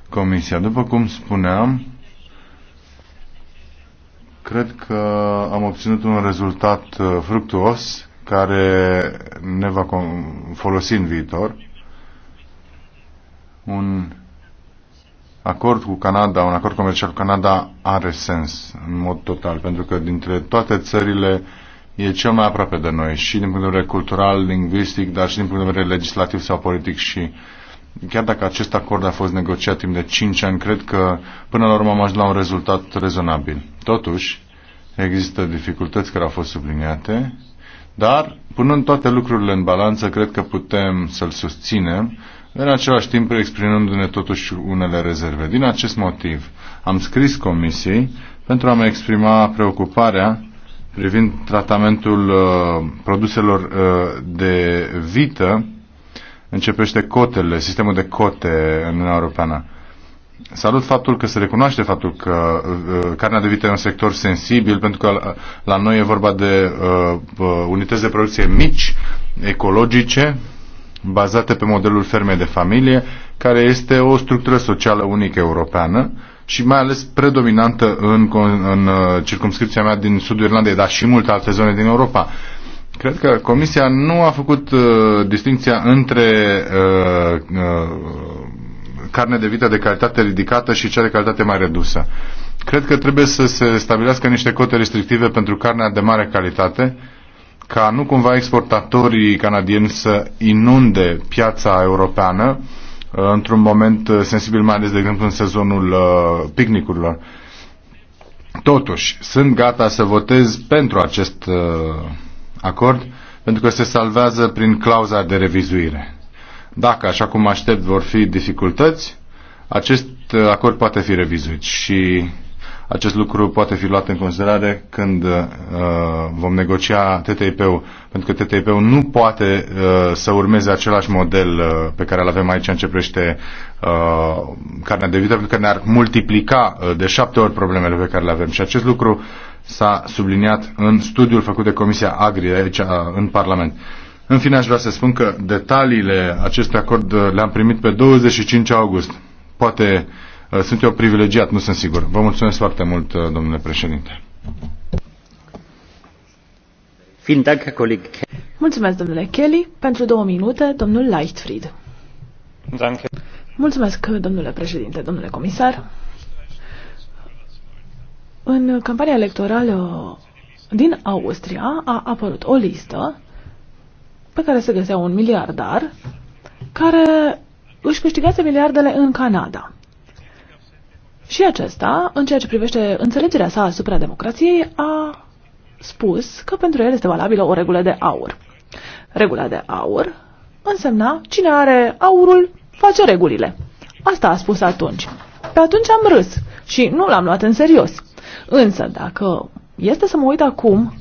Speaker 3: comisia. După cum spuneam, cred că am obținut un rezultat uh, fructuos care ne va folosi în viitor. Un acord cu Canada, un acord comercial cu Canada are sens în mod total, pentru că dintre toate țările e cel mai aproape de noi și din punct de vedere cultural, lingvistic, dar și din punct de vedere legislativ sau politic și chiar dacă acest acord a fost negociat timp de 5 ani, cred că până la urmă am ajuns la un rezultat rezonabil. Totuși, există dificultăți care au fost subliniate dar, punând toate lucrurile în balanță, cred că putem să-l susținem, în același timp exprimându-ne totuși unele rezerve. Din acest motiv, am scris Comisiei pentru a-mi exprima preocuparea privind tratamentul uh, produselor uh, de vită, începește cotele, sistemul de cote în Uniunea Europeană. Uh, Salut faptul că se recunoaște faptul că uh, carnea de vită e un sector sensibil, pentru că la noi e vorba de uh, uh, unități de producție mici, ecologice, bazate pe modelul fermei de familie, care este o structură socială unică europeană și mai ales predominantă în, în uh, circumscripția mea din sudul Irlandei, dar și multe alte zone din Europa. Cred că Comisia nu a făcut uh, distinția între uh, uh, carne de vită de calitate ridicată și cea de calitate mai redusă. Cred că trebuie să se stabilească niște cote restrictive pentru carnea de mare calitate, ca nu cumva exportatorii canadieni să inunde piața europeană uh, într-un moment uh, sensibil, mai ales, de exemplu, în sezonul uh, picnicurilor. Totuși, sunt gata să votez pentru acest acord, pentru că se salvează prin clauza de revizuire. Dacă, așa cum aștept, vor fi dificultăți, acest uh, acord poate fi revizuit și acest lucru poate fi luat în considerare când uh, vom negocia TTIP-ul, pentru că TTIP-ul nu poate uh, să urmeze același model uh, pe care îl avem aici în ce privește uh, carnea de vită, pentru că ne-ar multiplica uh, de șapte ori problemele pe care le avem. Și acest lucru s-a subliniat în studiul făcut de Comisia Agri aici uh, în Parlament. Uh, în fine, aș vrea să spun că detaliile acestui acord uh, le-am primit pe 25 august. Poate uh, sunt eu privilegiat, nu sunt sigur. Vă mulțumesc foarte mult, uh, domnule președinte.
Speaker 6: Mulțumesc, domnule Kelly. Pentru două minute, domnul Leichtfried. Danke. Mulțumesc, domnule președinte, domnule comisar. În campania electorală din Austria a apărut o listă pe care se găsea un miliardar, care își câștigase miliardele în Canada. Și acesta, în ceea ce privește înțelegerea sa asupra democrației, a spus că pentru el este valabilă o regulă de aur. Regula de aur însemna cine are aurul face regulile. Asta a spus atunci. Pe atunci am râs și nu l-am luat în serios. Însă, dacă este să mă uit acum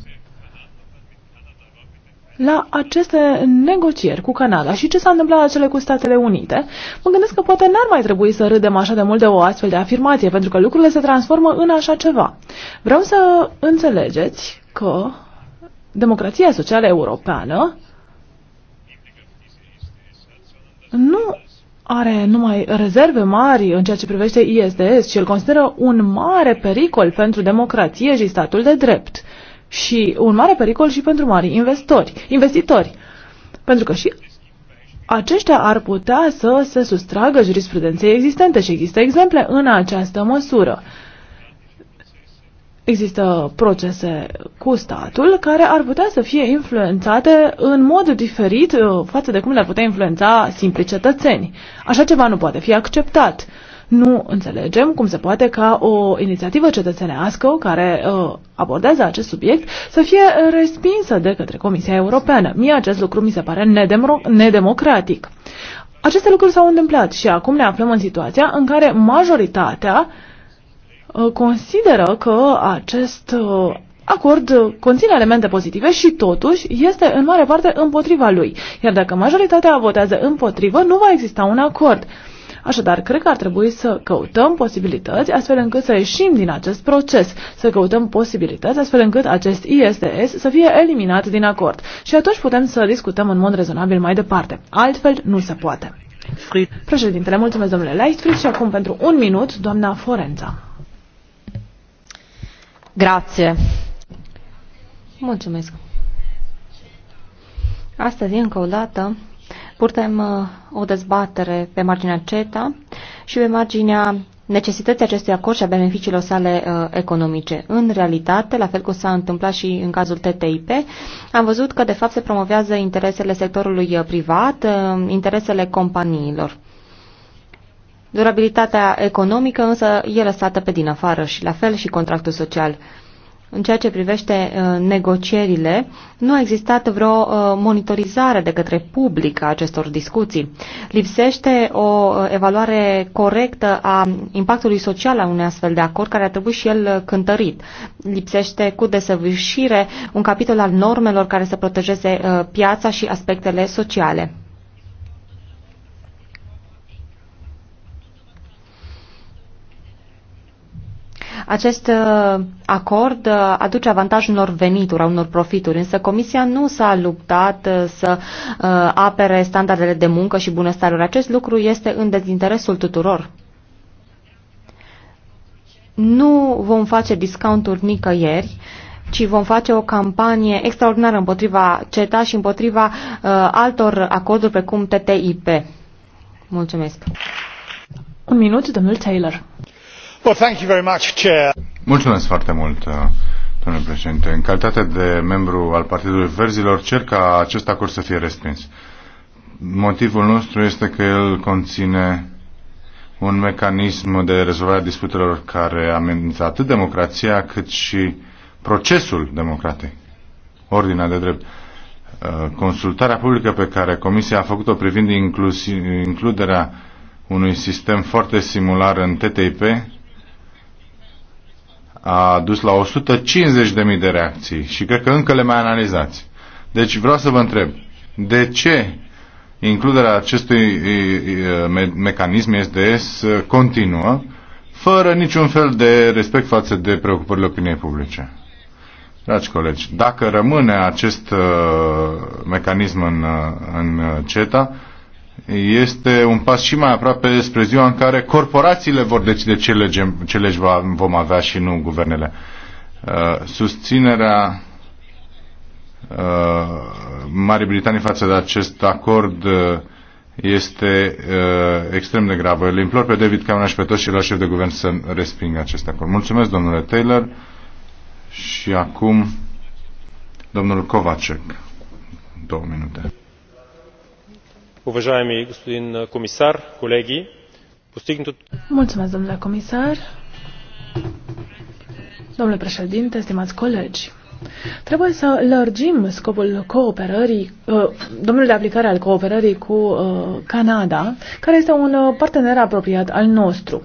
Speaker 6: la aceste negocieri cu Canada și ce s-a întâmplat la cele cu Statele Unite, mă gândesc că poate n-ar mai trebui să râdem așa de mult de o astfel de afirmație, pentru că lucrurile se transformă în așa ceva. Vreau să înțelegeți că democrația socială europeană nu are numai rezerve mari în ceea ce privește ISDS, ci îl consideră un mare pericol pentru democrație și statul de drept și un mare pericol și pentru mari investori, investitori. Pentru că și aceștia ar putea să se sustragă jurisprudenței existente și există exemple în această măsură. Există procese cu statul care ar putea să fie influențate în mod diferit uh, față de cum le-ar putea influența simpli cetățeni. Așa ceva nu poate fi acceptat. Nu înțelegem cum se poate ca o inițiativă cetățenească care uh, abordează acest subiect să fie respinsă de către Comisia Europeană. Mie acest lucru mi se pare nedemocratic. Aceste lucruri s-au întâmplat și acum ne aflăm în situația în care majoritatea uh, consideră că acest uh, acord conține elemente pozitive și totuși este în mare parte împotriva lui. Iar dacă majoritatea votează împotrivă, nu va exista un acord. Așadar, cred că ar trebui să căutăm posibilități astfel încât să ieșim din acest proces, să căutăm posibilități astfel încât acest ISDS să fie eliminat din acord. Și atunci putem să discutăm în mod rezonabil mai departe. Altfel, nu se poate. Președintele, mulțumesc domnule Leistfried și acum pentru un minut, doamna Forența.
Speaker 5: Grație. Mulțumesc. Astăzi, încă o dată, Purtăm uh, o dezbatere pe marginea CETA și pe marginea necesității acestui acord și a beneficiilor sale uh, economice. În realitate, la fel cum s-a întâmplat și în cazul TTIP, am văzut că de fapt se promovează interesele sectorului uh, privat, uh, interesele companiilor. Durabilitatea economică însă e lăsată pe din afară și la fel și contractul social. Uh, în ceea ce privește uh, negocierile, nu a existat vreo uh, monitorizare de către public a acestor discuții. Lipsește o uh, evaluare corectă a impactului social a unui astfel de acord, care a trebuit și el cântărit. Lipsește cu desăvârșire un capitol al normelor care să protejeze piața și aspectele sociale. Acest uh, acord uh, aduce avantajul unor venituri, a unor profituri, însă Comisia nu s-a luptat uh, să apere standardele de muncă și bunăstarul. Acest lucru este în dezinteresul tuturor. Nu vom face discounturi nicăieri, ci vom face o campanie extraordinară împotriva CETA și împotriva uh, altor acorduri precum TTIP. Mulțumesc. Un minut, domnul Taylor.
Speaker 3: Mulțumesc foarte mult, uh, domnule președinte. În calitate de membru al Partidului Verzilor, cer ca acest acord să fie respins. Motivul nostru este că el conține un mecanism de rezolvare a disputelor care amenință atât democrația cât și procesul democratic, ordinea de drept. Uh, consultarea publică pe care Comisia a făcut-o privind includerea unui sistem foarte similar în TTIP a dus la 150.000 de reacții și cred că încă le mai analizați. Deci vreau să vă întreb, de ce includerea acestui me mecanism SDS continuă fără niciun fel de respect față de preocupările opiniei publice? Dragi colegi, dacă rămâne acest uh, mecanism în, uh, în CETA, este un pas și mai aproape spre ziua în care corporațiile vor decide ce lege, ce legi vom avea și nu guvernele. Uh, susținerea uh, Marii Britanii față de acest acord uh, este extrem de gravă. Îl implor pe David Cameron și pe toți ceilalți șefi de guvern să respingă acest acord. Mulțumesc, domnule Taylor. Și acum, domnul Kovacek. Două minute
Speaker 1: уважаеми господин комисар колеги постигнатото.
Speaker 6: Mulțumesc, domnule comisar, domnule președinte, stimați colegi. Trebuie să lărgim scopul cooperării, uh, domeniul de aplicare al cooperării cu uh, Canada, care este un uh, partener apropiat al nostru.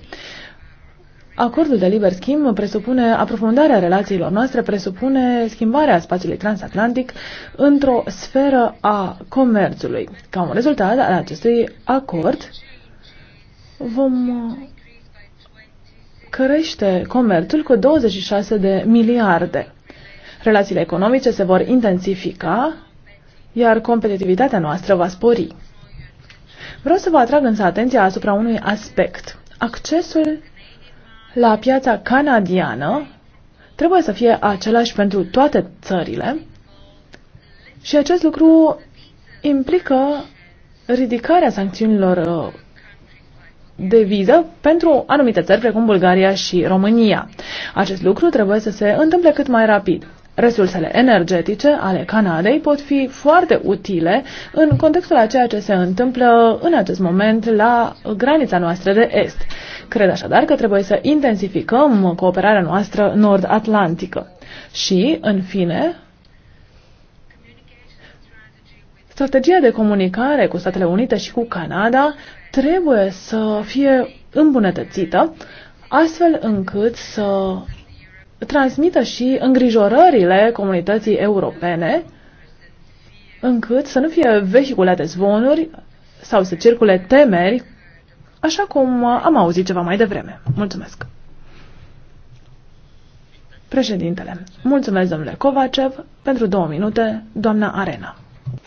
Speaker 6: Acordul de liber schimb presupune aprofundarea relațiilor noastre, presupune schimbarea spațiului transatlantic într-o sferă a comerțului. Ca un rezultat al acestui acord, vom uh, crește comerțul cu 26 de miliarde. Relațiile economice se vor intensifica, iar competitivitatea noastră va spori. Vreau să vă atrag însă atenția asupra unui aspect. Accesul la piața canadiană trebuie să fie același pentru toate țările și acest lucru implică ridicarea sancțiunilor uh, de viză pentru anumite țări, precum Bulgaria și România. Acest lucru trebuie să se întâmple cât mai rapid. Resursele energetice ale Canadei pot fi foarte utile în contextul a ceea ce se întâmplă în acest moment la granița noastră de est. Cred așadar că trebuie să intensificăm cooperarea noastră nord-atlantică. Și, în fine, strategia de comunicare cu Statele Unite și cu Canada trebuie să fie îmbunătățită, astfel încât să transmită și îngrijorările comunității europene, încât să nu fie vehiculate zvonuri sau să circule temeri așa cum uh, am auzit ceva mai devreme. Mulțumesc! Președintele, mulțumesc, domnule Kovacev. Pentru două minute, doamna Arena.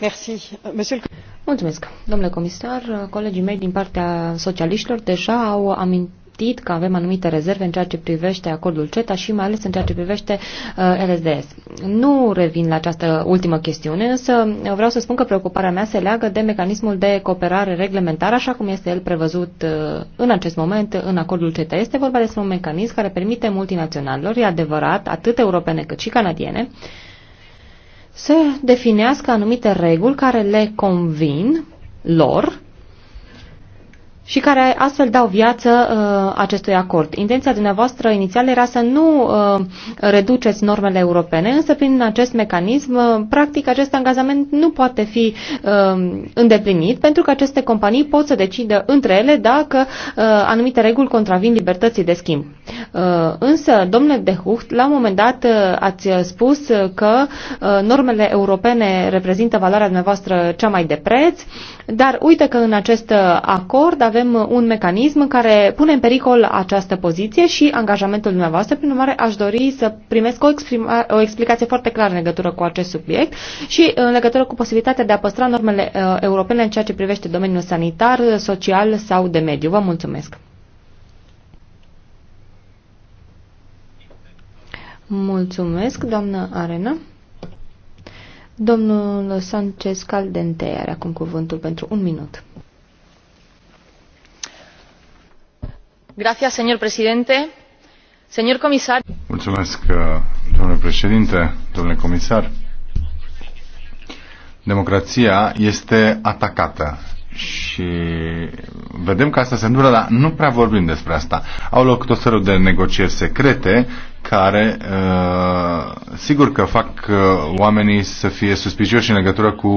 Speaker 6: Merci.
Speaker 5: Monsieur... Mulțumesc. Domnule comisar, colegii mei din partea socialiștilor deja au amintit știt că avem anumite rezerve în ceea ce privește acordul CETA și mai ales în ceea ce privește uh, LSDS. Nu revin la această ultimă chestiune, însă vreau să spun că preocuparea mea se leagă de mecanismul de cooperare reglementară, așa cum este el prevăzut uh, în acest moment în acordul CETA. Este vorba despre un mecanism care permite multinaționalilor, e adevărat, atât europene cât și canadiene, să definească anumite reguli care le convin lor și care astfel dau viață uh, acestui acord. Intenția dumneavoastră inițială era să nu uh, reduceți normele europene, însă prin acest mecanism, uh, practic, acest angajament nu poate fi uh, îndeplinit, pentru că aceste companii pot să decidă între ele dacă uh, anumite reguli contravin libertății de schimb. Uh, însă, domnule de Hucht, la un moment dat uh, ați spus că uh, normele europene reprezintă valoarea dumneavoastră cea mai de preț, dar uite că în acest uh, acord avem avem un mecanism care pune în pericol această poziție și angajamentul dumneavoastră. Prin urmare, aș dori să primesc o, exprima, o explicație foarte clară în legătură cu acest subiect și uh, în legătură cu posibilitatea de a păstra normele uh, europene în ceea ce privește domeniul sanitar, social sau de mediu. Vă mulțumesc! Mulțumesc, doamnă Arena. Domnul Sanchez Caldente are acum cuvântul pentru un minut. señor presidente señor comisar.
Speaker 3: Mulțumesc, uh, domnule președinte, domnule comisar. Democrația este atacată și vedem că asta se întâmplă, dar nu prea vorbim despre asta. Au loc tot felul de negocieri secrete care uh, sigur că fac uh, oamenii să fie suspicioși în legătură cu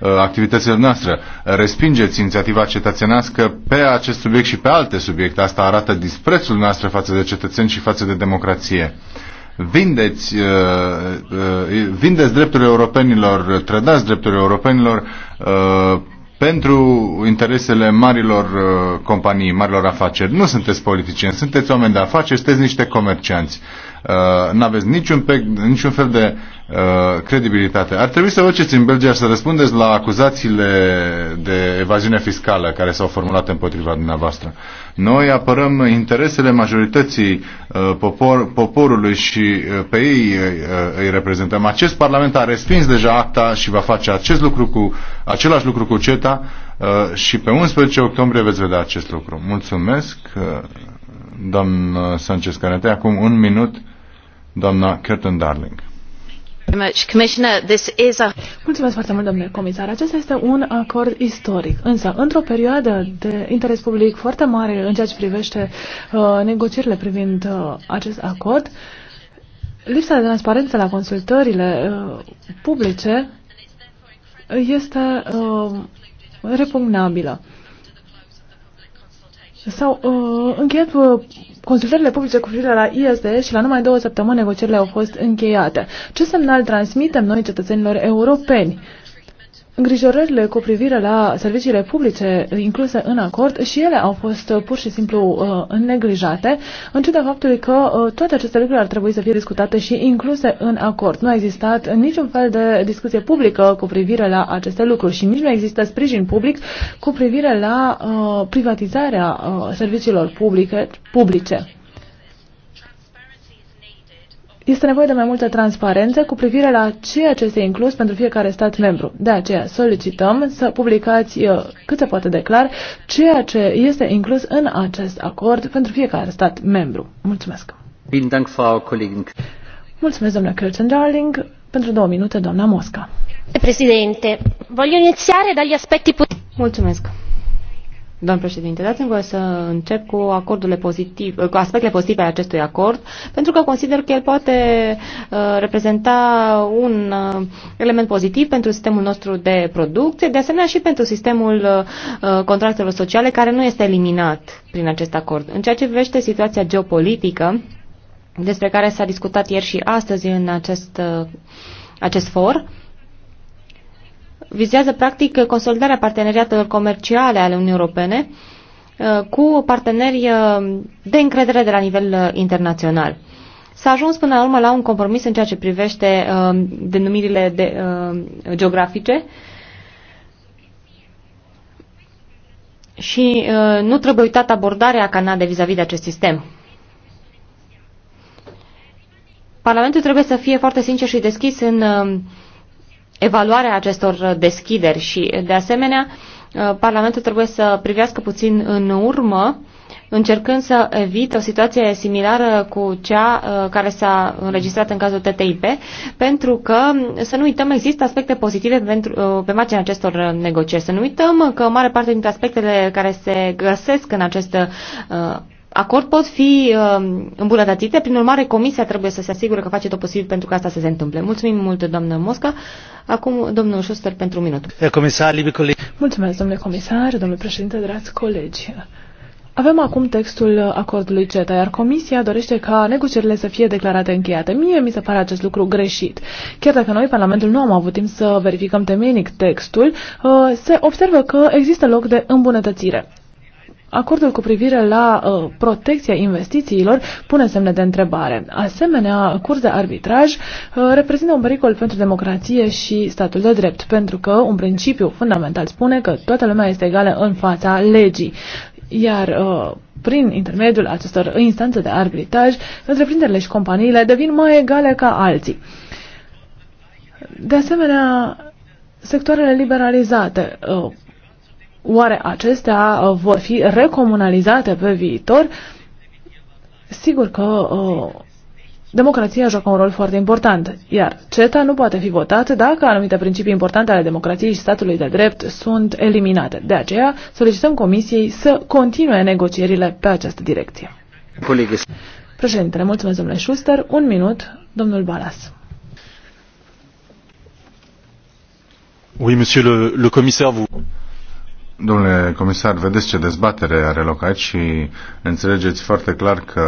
Speaker 3: uh, activitățile noastre. Respingeți inițiativa cetățenească pe acest subiect și pe alte subiecte. Asta arată disprețul noastră față de cetățeni și față de democrație vindeți, uh, uh, vindeți drepturile europenilor, trădați drepturile europenilor uh, pentru interesele marilor uh, companii, marilor afaceri. Nu sunteți politicieni, sunteți oameni de afaceri, sunteți niște comercianți. Uh, Uh, nu aveți niciun, pe, niciun fel de uh, credibilitate. Ar trebui să vă ceți în Belgia să răspundeți la acuzațiile de evaziune fiscală care s-au formulat împotriva dumneavoastră. Noi apărăm interesele majorității uh, popor, poporului și uh, pe ei uh, îi reprezentăm. Acest Parlament a respins deja acta și va face acest lucru cu, același lucru cu CETA uh, și pe 11 octombrie veți vedea acest lucru. Mulțumesc, uh, doamnă Sanchez Canete. Acum un minut doamna Curtin Darling.
Speaker 6: Mulțumesc foarte mult, domnule comisar. Acesta este un acord istoric. Însă, într-o perioadă de interes public foarte mare în ceea ce privește uh, negocierile privind uh, acest acord, lipsa de transparență la consultările uh, publice este uh, repugnabilă. Sau uh, încheiat uh, consultările publice cu privire la ISDS și la numai două săptămâni negocierile au fost încheiate. Ce semnal transmitem noi cetățenilor europeni? îngrijorările cu privire la serviciile publice incluse în acord și ele au fost uh, pur și simplu uh, neglijate, în ciuda faptului că uh, toate aceste lucruri ar trebui să fie discutate și incluse în acord. Nu a existat niciun fel de discuție publică cu privire la aceste lucruri și nici nu există sprijin public cu privire la uh, privatizarea uh, serviciilor publice. publice. Este nevoie de mai multă transparență cu privire la ceea ce este inclus pentru fiecare stat membru. De aceea solicităm să publicați uh, cât se poate de clar ceea ce este inclus în acest acord pentru fiecare stat membru. Mulțumesc! Mulțumesc, doamna Kirsten Darling. Pentru două minute, doamna Mosca.
Speaker 5: Președinte, voi iniția dagli aspetti... Mulțumesc. Domnul președinte, dați-mi voie să încep cu acordurile pozitiv, cu aspectele pozitive ale acestui acord, pentru că consider că el poate uh, reprezenta un uh, element pozitiv pentru sistemul nostru de producție, de asemenea și pentru sistemul uh, uh contractelor sociale, care nu este eliminat prin acest acord. În ceea ce privește situația geopolitică, despre care s-a discutat ieri și astăzi în acest, uh, acest for, uh, vizează practic consolidarea parteneriatelor comerciale ale Uniunii Europene uh, cu parteneri uh, de încredere de la nivel uh, internațional. S-a ajuns până la urmă la un compromis în ceea ce privește denumirile de, geografice și nu trebuie uitat abordarea Canadei vis-a-vis de acest sistem. Parlamentul trebuie să fie foarte sincer și deschis în uh, evaluarea acestor deschideri și, de asemenea, Parlamentul trebuie să privească puțin în urmă, încercând să evite o situație similară cu cea uh, care s-a înregistrat în cazul TTIP, pentru că, să nu uităm, există aspecte pozitive pentru, uh, pe marginea acestor negocieri. Să nu uităm că o mare parte dintre aspectele care se găsesc în acest uh, acord pot fi uh, îmbunătățite, prin urmare comisia trebuie să se asigure că face tot posibil pentru ca asta să se întâmple. Mulțumim mult, doamnă Mosca. Acum, domnul Schuster, pentru un minut. Comisar, libi Mulțumesc, domnule comisar, domnule președinte, dragi colegi. Avem acum
Speaker 6: textul acordului CETA, iar Comisia dorește ca negocierile să fie declarate încheiate. Mie mi se pare acest lucru greșit. Chiar dacă noi, Parlamentul, nu am avut timp să verificăm temeinic textul, uh, se observă că există loc de îmbunătățire. Acordul cu privire la uh, protecția investițiilor pune semne de întrebare. Asemenea, curs de arbitraj uh, reprezintă un pericol pentru democrație și statul de drept, pentru că un principiu fundamental spune că toată lumea este egală în fața legii. Iar uh, prin intermediul acestor instanțe de arbitraj, întreprinderile și companiile devin mai egale ca alții. De asemenea, sectoarele liberalizate uh, Oare acestea uh, vor fi recomunalizate pe viitor? Sigur că uh, democrația joacă un rol foarte important, iar CETA nu poate fi votat dacă anumite principii importante ale democrației și statului de drept sunt eliminate. De aceea solicităm Comisiei să continue negocierile pe această direcție. Colegis. Președintele, mulțumesc domnule Schuster. Un minut, domnul Balas.
Speaker 3: Oui, monsieur le, le commissaire, vous... Domnule comisar, vedeți ce dezbatere are loc aici și înțelegeți foarte clar că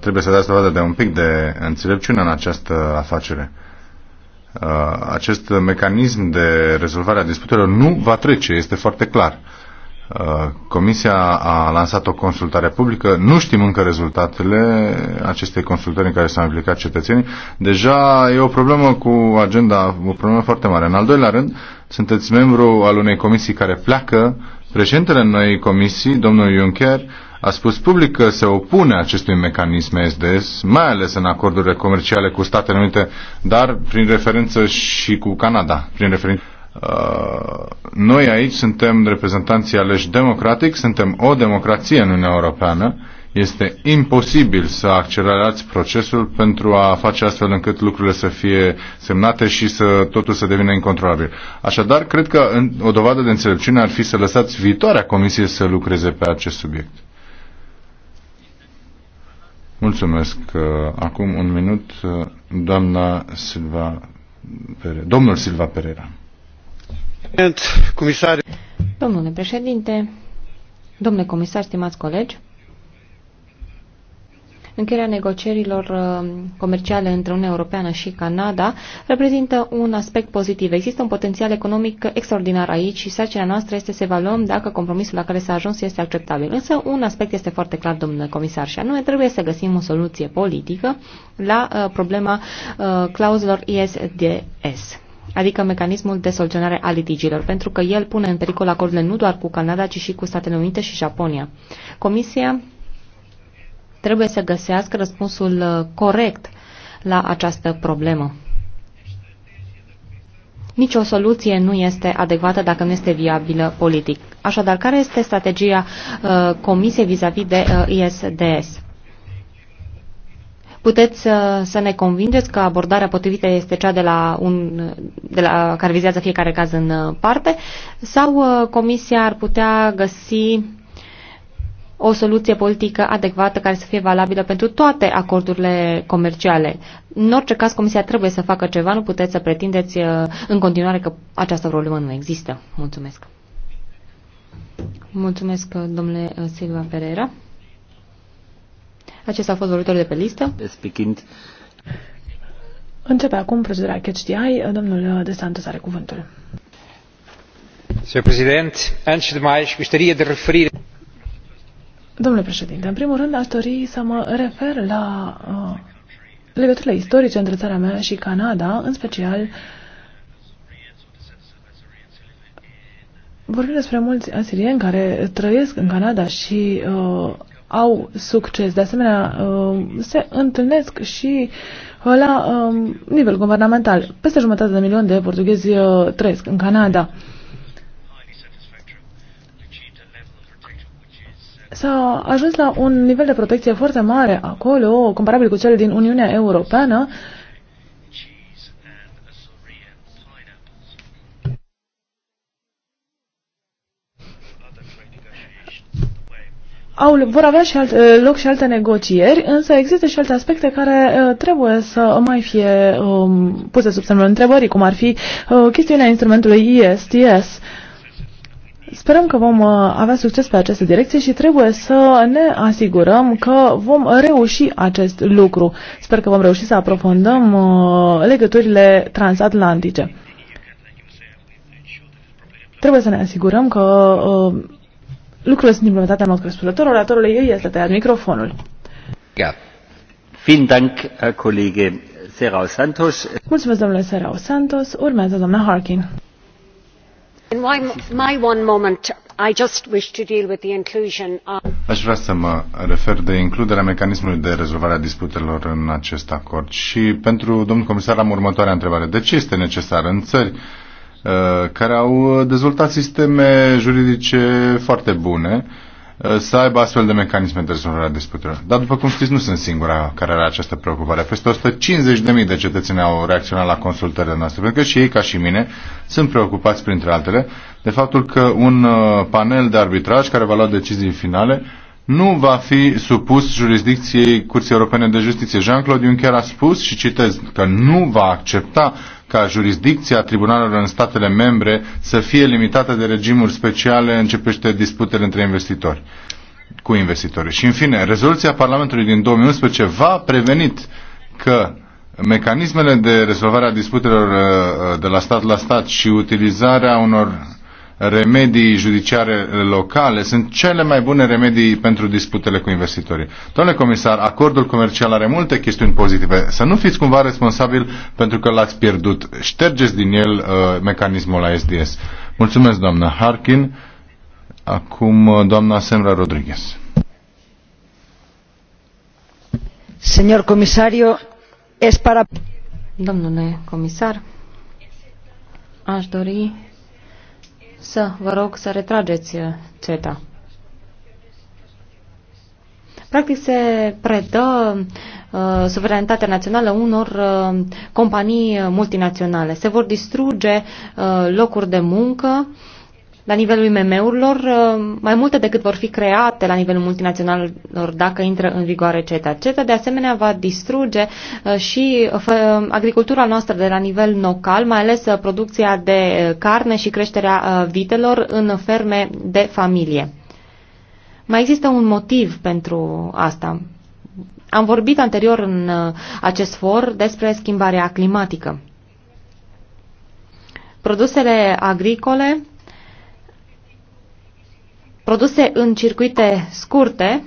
Speaker 3: trebuie să dați dovadă de un pic de înțelepciune în această afacere. Uh, acest mecanism de rezolvare a disputelor nu va trece, este foarte clar. Uh, Comisia a lansat o consultare publică, nu știm încă rezultatele acestei consultări în care s-au implicat cetățenii. Deja e o problemă cu agenda, o problemă foarte mare. În al doilea rând, sunteți membru al unei comisii care pleacă. Președintele noi comisii, domnul Juncker, a spus public că se opune acestui mecanism SDS, mai ales în acordurile comerciale cu Statele Unite, dar prin referință și cu Canada, prin referință Uh, noi aici suntem reprezentanții aleși democratic, suntem o democrație în Uniunea Europeană. Este imposibil să accelerați procesul pentru a face astfel încât lucrurile să fie semnate și să totul să devină incontrolabil. Așadar, cred că în, o dovadă de înțelepciune ar fi să lăsați viitoarea comisie să lucreze pe acest subiect. Mulțumesc. Uh, acum un minut, uh, doamna Silva Pere, Domnul Silva Pereira.
Speaker 5: Domnule președinte, domnule comisar, stimați colegi, Încheierea negocierilor uh, comerciale între Uniunea Europeană și Canada reprezintă un aspect pozitiv. Există un potențial economic extraordinar aici și sarcina noastră este să evaluăm dacă compromisul la care s-a ajuns este acceptabil. Însă un aspect este foarte clar, domnule comisar, și anume trebuie să găsim o soluție politică la uh, problema uh, clauzelor ISDS adică mecanismul de soluționare a litigiilor, pentru că el pune în pericol acordurile nu doar cu Canada, ci și cu Statele Unite și Japonia. Comisia trebuie să găsească răspunsul uh, corect la această problemă. Nici o soluție nu este adecvată dacă nu este viabilă politic. Așadar, care este strategia uh, Comisiei vis-a-vis de uh, ISDS? Puteți să, uh, să ne convingeți că abordarea potrivită este cea de la, un, de la care vizează fiecare caz în uh, parte sau uh, Comisia ar putea găsi o soluție politică adecvată care să fie valabilă pentru toate acordurile comerciale. În orice caz, Comisia trebuie să facă ceva, nu puteți să pretindeți în continuare că această problemă nu există. Mulțumesc. Mulțumesc, domnule Silva Pereira. Acesta a fost vorbitorul de pe listă. Speaking.
Speaker 6: Începe acum procedura Catch Domnul uh, De Santos are cuvântul. Domnule președinte, în primul rând aș dori să mă refer la uh, legăturile istorice între țara mea și Canada, în special vorbim despre mulți asirieni care trăiesc în Canada și uh, au succes. De asemenea, um, se întâlnesc și uh, la um, nivel guvernamental. Peste jumătate de milion de portughezi uh, trăiesc în Canada. S-a ajuns la un nivel de protecție foarte mare acolo, comparabil cu cel din Uniunea Europeană, au, vor avea și alt uh, loc și alte negocieri, însă există și alte aspecte care uh, trebuie să mai fie um, puse sub semnul întrebării, cum ar fi uh, chestiunea instrumentului ISTS. Sperăm că vom uh, avea succes pe această direcție și trebuie să ne asigurăm că vom reuși acest lucru. Sper că vom reuși să aprofundăm uh, legăturile transatlantice. Trebuie să ne asigurăm că uh, lucrurile sunt implementate în mod corespunzător. Oratorul ei este tăiat microfonul.
Speaker 2: Ja. Vielen Dank, Kollege Serau
Speaker 3: Santos.
Speaker 6: Mulțumesc, domnule Serau Santos. Urmează doamna Harkin.
Speaker 5: In my, my one moment, I just wish to deal with the inclusion of...
Speaker 3: Aș vrea să mă refer de includerea mecanismului de rezolvare a disputelor în acest acord. Și pentru domnul comisar am următoarea întrebare. De ce este necesar în țări Uh, care au uh, dezvoltat sisteme juridice foarte bune uh, să aibă astfel de mecanisme de rezolvare a disputelor. Dar, după cum știți, nu sunt singura care are această preocupare. Peste 150.000 de cetățeni au reacționat la consultările noastre, pentru că și ei, ca și mine, sunt preocupați, printre altele, de faptul că un panel de arbitraj care va lua decizii finale nu va fi supus jurisdicției Curții Europene de Justiție. Jean-Claude Juncker a spus și citez că nu va accepta ca jurisdicția tribunalelor în statele membre să fie limitată de regimuri speciale începește disputele între investitori cu investitori. Și în fine, rezoluția Parlamentului din 2011 va prevenit că mecanismele de rezolvare a disputelor uh, de la stat la stat și utilizarea unor remedii judiciare locale sunt cele mai bune remedii pentru disputele cu investitorii. Domnule comisar, acordul comercial are multe chestiuni pozitive. Să nu fiți cumva responsabil pentru că l-ați pierdut. Ștergeți din el uh, mecanismul la SDS. Mulțumesc, doamnă Harkin. Acum, uh, doamna Semra Rodriguez.
Speaker 2: Señor comisario, es para...
Speaker 5: Domnule comisar, aș dori să vă rog să retrageți uh, CETA. Practic se predă uh, suveranitatea națională unor uh, companii multinaționale. Se vor distruge uh, locuri de muncă uh, la nivelul IMM-urilor uh, mai multe decât vor fi create la nivelul multinaționalelor dacă intră în vigoare CETA. CETA de asemenea va distruge uh, și uh, agricultura noastră de la nivel local, mai ales producția de carne și creșterea vitelor în ferme de familie. Mai există un motiv pentru asta. Am vorbit anterior în acest for despre schimbarea climatică. Produsele agricole produse în circuite scurte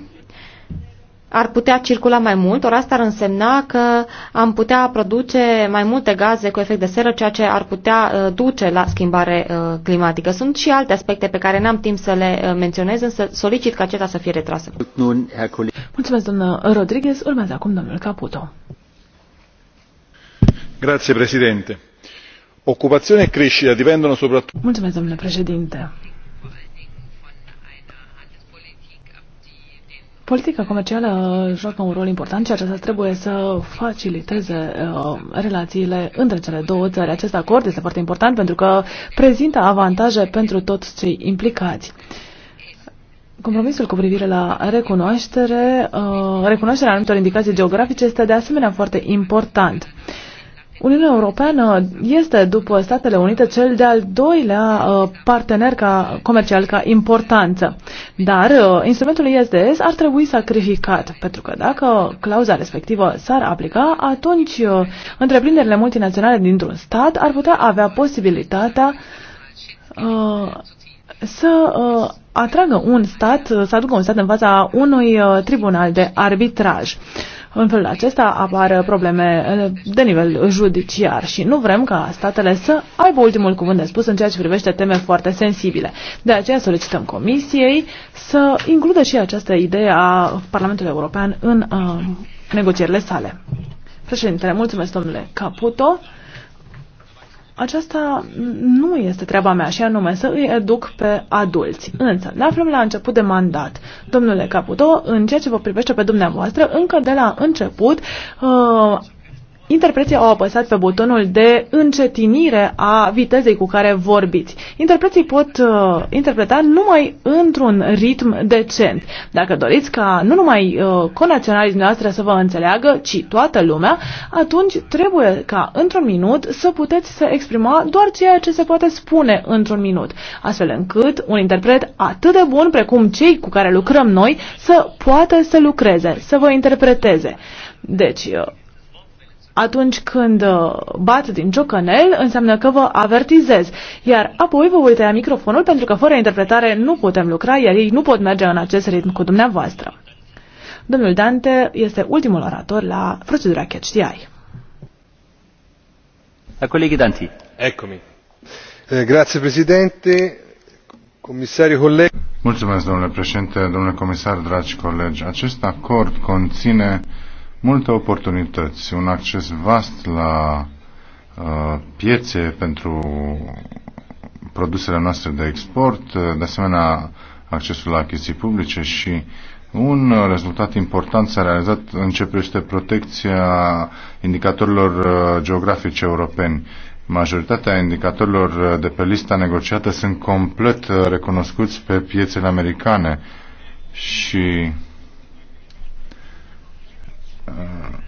Speaker 5: ar putea circula mai mult, ori asta ar însemna că am putea produce mai multe gaze cu efect de seră, ceea ce ar putea uh, duce la schimbare uh, climatică. Sunt și alte aspecte pe care n-am timp să le uh, menționez, însă solicit ca acesta să fie retrasă. Mulțumesc, doamnă Rodriguez. Urmează acum domnul Caputo.
Speaker 3: Grazie, președinte. Ocupațiune și creștere dipendono soprattutto...
Speaker 6: Mulțumesc, domnule președinte. Politica comercială joacă un rol important și aceasta trebuie să faciliteze uh, relațiile între cele două țări. Acest acord este foarte important pentru că prezintă avantaje pentru toți cei implicați. Compromisul cu privire la recunoaștere, uh, recunoașterea anumitor indicații geografice este de asemenea foarte important. Uh, Uniunea Europeană este, după Statele Unite, cel de-al doilea uh, partener ca comercial ca importanță. Dar uh, instrumentul ISDS ar trebui sacrificat, pentru că dacă clauza respectivă s-ar aplica, atunci uh, întreprinderile multinaționale dintr-un stat ar putea avea posibilitatea să atragă un stat, să aducă un stat în fața unui tribunal de arbitraj. În felul acesta apar probleme eh, de nivel judiciar și nu vrem ca statele să aibă ultimul cuvânt de spus în ceea ce privește teme foarte sensibile. De aceea solicităm Comisiei să includă și această idee a Parlamentului European în uh, negocierile sale. Președintele, mulțumesc domnule Caputo aceasta nu este treaba mea și anume să îi educ pe adulți. Însă, ne aflăm la început de mandat. Domnule Caputo, în ceea ce vă privește pe dumneavoastră, încă de la început uh, Interpreții au apăsat pe butonul de încetinire a vitezei cu care vorbiți. Interpreții pot uh, interpreta numai într-un ritm decent. Dacă doriți ca nu numai uh, conaționalii noastre să vă înțeleagă, ci toată lumea, atunci trebuie ca într-un minut să puteți să exprima doar ceea ce se poate spune într-un minut, astfel încât un interpret atât de bun precum cei cu care lucrăm noi să poată să lucreze, să vă interpreteze. Deci, uh, atunci când uh, bat din ciocanel, înseamnă că vă avertizez. Iar apoi vă voi tăia microfonul pentru că fără interpretare nu putem lucra, iar ei nu pot merge în acest ritm cu dumneavoastră. Domnul Dante este ultimul orator la procedura Catch the Eye.
Speaker 3: colegii Dante. Eccomi. Eh, grazie Presidente, Comisarii, colegi. Mulțumesc, domnule președinte, domnule comisar, dragi colegi. Acest acord conține multe oportunități, un acces vast la uh, piețe pentru produsele noastre de export, uh, de asemenea accesul la achiziții publice și un uh, rezultat important s-a realizat în ce privește protecția indicatorilor uh, geografice europeni. Majoritatea indicatorilor de pe lista negociată sunt complet recunoscuți pe piețele americane și Uh,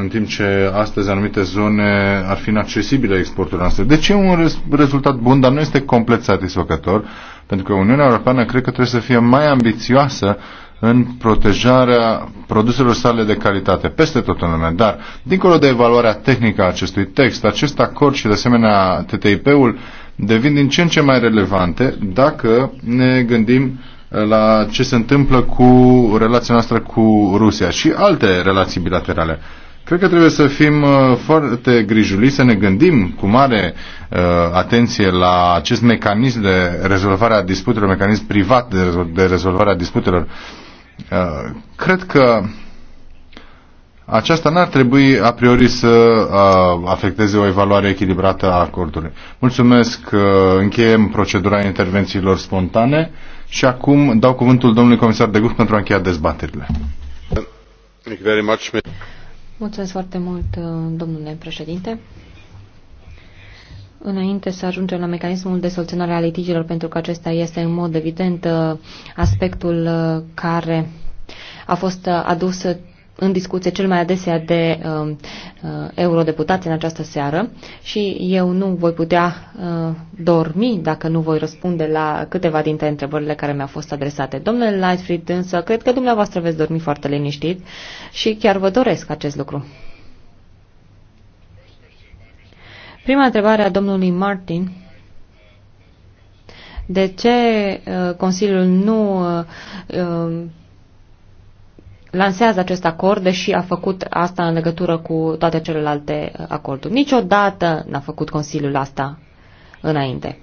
Speaker 3: în timp ce astăzi anumite zone ar fi inaccesibile exporturilor noastre. Deci e un rezultat bun, dar nu este complet satisfăcător, pentru că Uniunea Europeană cred că trebuie să fie mai ambițioasă în protejarea produselor sale de calitate peste tot în lume. Dar, dincolo de evaluarea tehnică a acestui text, acest acord și, de asemenea, TTIP-ul devin din ce în ce mai relevante dacă ne gândim la ce se întâmplă cu relația noastră cu Rusia și alte relații bilaterale. Cred că trebuie să fim uh, foarte grijuli, să ne gândim cu mare uh, atenție la acest mecanism de rezolvare a disputelor, mecanism privat de, rezol- de rezolvare a disputelor. Uh, cred că aceasta n-ar trebui a priori să uh, afecteze o evaluare echilibrată a acordului. Mulțumesc, uh, încheiem procedura intervențiilor spontane. Și acum dau cuvântul domnului comisar de Gucht pentru a încheia dezbaterile.
Speaker 5: Mulțumesc foarte mult, domnule președinte. Înainte să ajungem la mecanismul de soluționare a litigiilor, pentru că acesta este în mod evident uh, aspectul uh, care a fost uh, adus în discuție cel mai adesea de uh, uh, eurodeputați în această seară și eu nu voi putea uh, dormi dacă nu voi răspunde la câteva dintre întrebările care mi-au fost adresate. Domnule Lightfried, însă, cred că dumneavoastră veți dormi foarte liniștit și chiar vă doresc acest lucru. Prima întrebare a domnului Martin. De ce uh, Consiliul nu uh, um, lansează acest acord, deși a făcut asta în legătură cu toate celelalte uh, acorduri. Niciodată n-a făcut Consiliul asta înainte.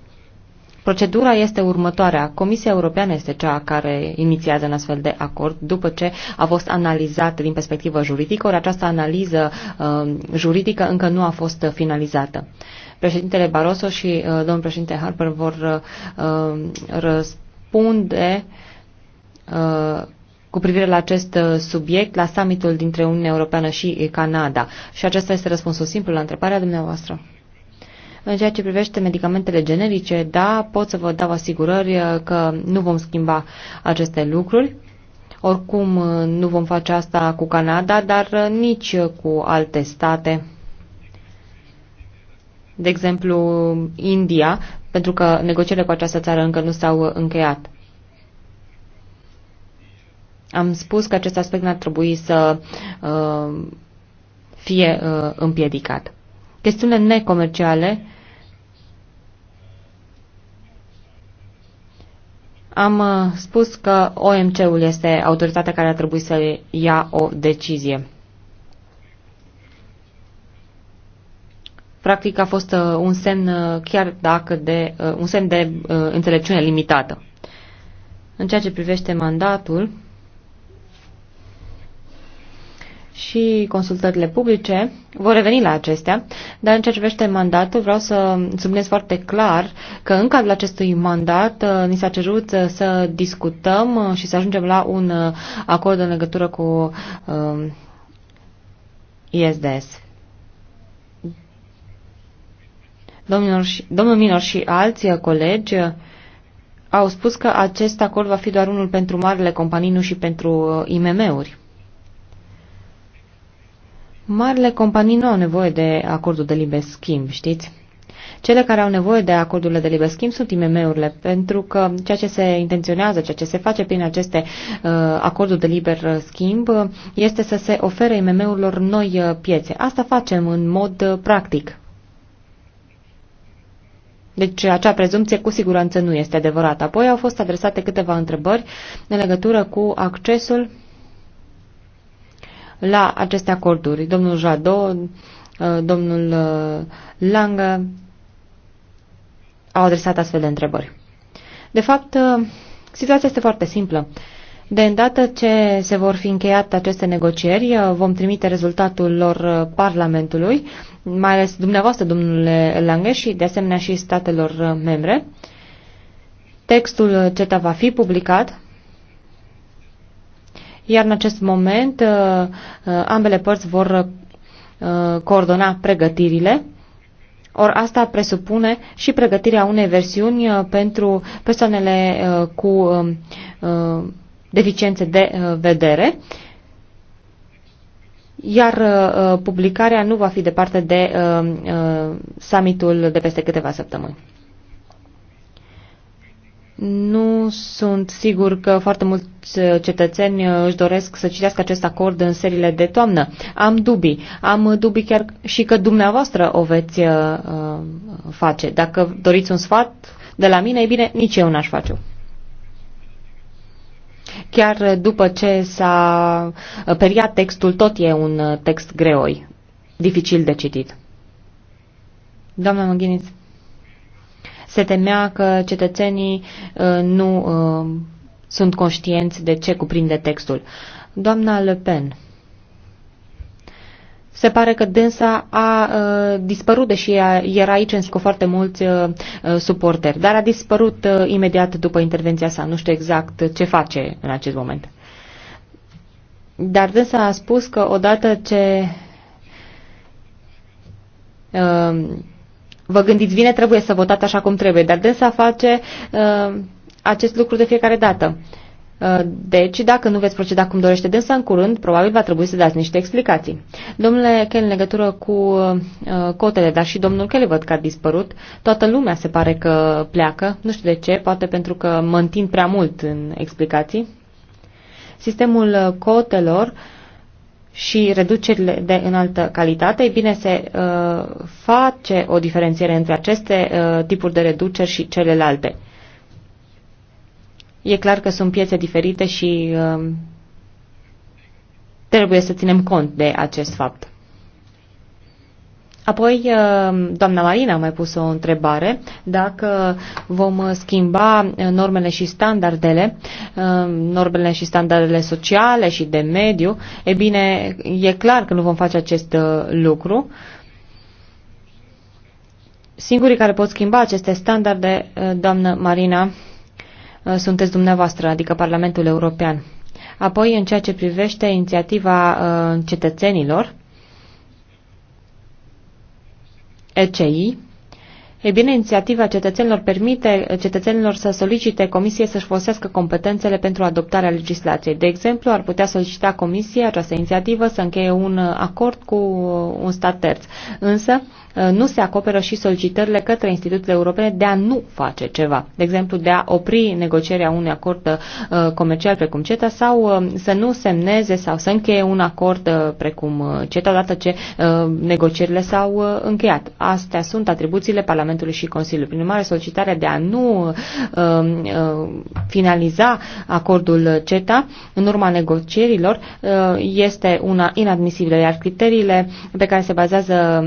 Speaker 5: Procedura este următoarea. Comisia Europeană este cea care inițiază un astfel de acord după ce a fost analizat din perspectivă juridică, ori această analiză uh, juridică încă nu a fost finalizată. Președintele Barroso și uh, domnul președinte Harper vor uh, răspunde uh, cu privire la acest uh, subiect la summitul dintre Uniunea Europeană și uh, Canada. Și acesta este răspunsul simplu la întrebarea dumneavoastră. În ceea ce privește medicamentele generice, da, pot să vă dau asigurări uh, că nu vom schimba aceste lucruri. Oricum, nu vom face asta cu Canada, dar nici cu alte state. De exemplu, India, pentru că negocierile cu această țară încă nu s-au încheiat. Am spus că acest aspect n-ar trebui să uh, fie uh, împiedicat. Chestiunile necomerciale am uh, spus că OMC-ul este autoritatea care ar trebui să ia o decizie. Practic a fost uh, un semn uh, chiar dacă de un semn de înțelepciune limitată. În ceea ce privește mandatul, și consultările publice, vor reveni la acestea, dar în ceea ce privește mandatul vreau să subliniez foarte clar că în cadrul acestui mandat uh, ni s-a cerut uh, să discutăm uh, și să ajungem la un acord în legătură cu um, ISDS. Domnul, domnul Minor și alți colegi au spus că acest acord va fi doar unul pentru marile companii, nu și pentru IMM-uri. Marile companii nu au nevoie de acordul de liber schimb, știți? Cele care au nevoie de acordurile de liber schimb sunt IMM-urile, pentru că ceea ce se intenționează, ceea ce se face prin aceste uh, acorduri de liber schimb uh, este să se ofere IMM-urilor noi uh, piețe. Asta facem în mod uh, practic. Deci acea prezumție cu siguranță nu este adevărată. Apoi au fost adresate câteva întrebări în legătură cu accesul la aceste acorduri. Domnul Jadot, uh, domnul uh, Langă au adresat astfel de întrebări. De fapt, uh, situația este foarte simplă. De îndată ce se vor fi încheiat aceste negocieri, vom trimite rezultatul lor Parlamentului, mai ales dumneavoastră, domnule Lange, și de asemenea și statelor membre. Textul CETA va fi publicat iar în acest moment uh, uh, ambele părți vor uh, coordona pregătirile Or asta presupune și pregătirea unei versiuni pentru persoanele cu um, deficiențe de vedere, iar publicarea nu va fi departe de summitul de peste câteva săptămâni. Nu sunt sigur că foarte mulți uh, cetățeni uh, își doresc să citească acest acord în seriile de toamnă. Am dubii. Am uh, dubii chiar și că dumneavoastră o veți uh, face. Dacă doriți un sfat de la mine, e bine, nici eu n-aș face-o chiar după ce s-a periat textul, tot e un text greoi, dificil de citit. Doamna Măghiniți se temea că cetățenii uh, nu uh, sunt conștienți de ce cuprinde textul. Doamna Le Pen, se pare că dânsa a uh, dispărut, deși ea era aici în cu foarte mulți uh, uh, suporteri, dar a dispărut uh, imediat după intervenția sa. Nu știu exact ce face în acest moment. Dar dânsa a spus că odată ce uh, vă gândiți bine, trebuie să votați așa cum trebuie, dar dânsa face uh, acest lucru de fiecare dată. Uh, deci, dacă nu veți proceda cum dorește dânsa în curând, probabil va trebui să dați niște explicații. Domnule Ken, în legătură cu uh, cotele, dar și domnul Kelly văd că a dispărut, toată lumea se pare că pleacă, nu știu de ce, poate pentru că mă întind prea mult în explicații. Sistemul uh, cotelor uh, și reducerile de înaltă calitate, e bine, se uh, face o diferențiere între aceste uh, tipuri de reduceri și celelalte. E clar că sunt piețe diferite și uh, trebuie să ținem cont de acest fapt. Apoi, uh, doamna Marina a mai pus o întrebare, dacă vom schimba uh, normele și standardele, uh, normele și standardele sociale și de mediu, e bine, e clar că nu vom face acest lucru. Singurii care pot schimba aceste standarde, doamnă Marina, sunteți dumneavoastră, adică Parlamentul European. Apoi, în ceea ce privește inițiativa cetățenilor, ECI, E bine, inițiativa cetățenilor permite cetățenilor să solicite Comisiei să-și folosească competențele pentru adoptarea legislației. De exemplu, ar putea solicita Comisiei această inițiativă să încheie un acord cu un stat terț. Însă, Uh, nu se acoperă și solicitările către instituțiile europene de a nu face ceva. De exemplu, de a opri negocierea unui acord uh, comercial precum CETA sau uh, să nu semneze sau să încheie un acord precum CETA odată ce negocierile s-au încheiat. Astea sunt atribuțiile Parlamentului și Consiliului. Prin urmare, solicitarea de a nu finaliza acordul CETA în urma negocierilor este una inadmisibilă, iar criteriile pe care se bazează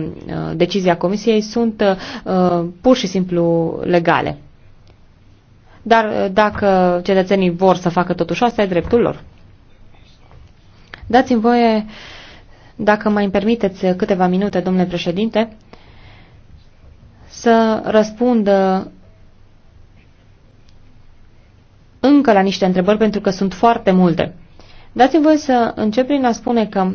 Speaker 5: decizia decizia Comisiei sunt uh, pur și simplu legale. Dar uh, dacă cetățenii vor să facă totuși asta, e dreptul lor. Dați-mi voie, dacă mai îmi permiteți câteva minute, domnule președinte, să răspund uh, încă la niște întrebări, pentru că sunt foarte multe. Dați-mi voie să încep prin a spune că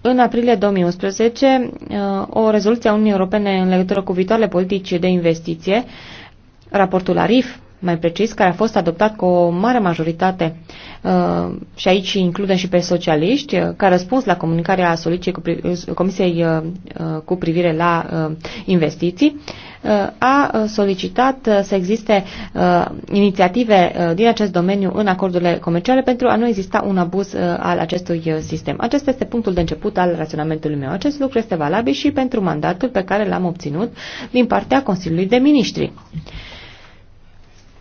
Speaker 5: în aprilie 2011, uh, o rezoluție a Uniunii Europene în legătură cu viitoarele politici de investiție, raportul ARIF, mai precis, care a fost adoptat cu o mare majoritate uh, și aici includem și pe socialiști, uh, ca răspuns la comunicarea solicitei Comisiei cu privire la investiții, Uh, a uh, solicitat uh, să existe inițiative din acest domeniu în acordurile comerciale pentru a nu exista un abuz al acestui sistem. Acesta este punctul de început al raționamentului meu. Acest lucru este valabil și pentru mandatul pe care l-am obținut din partea Consiliului de Ministri.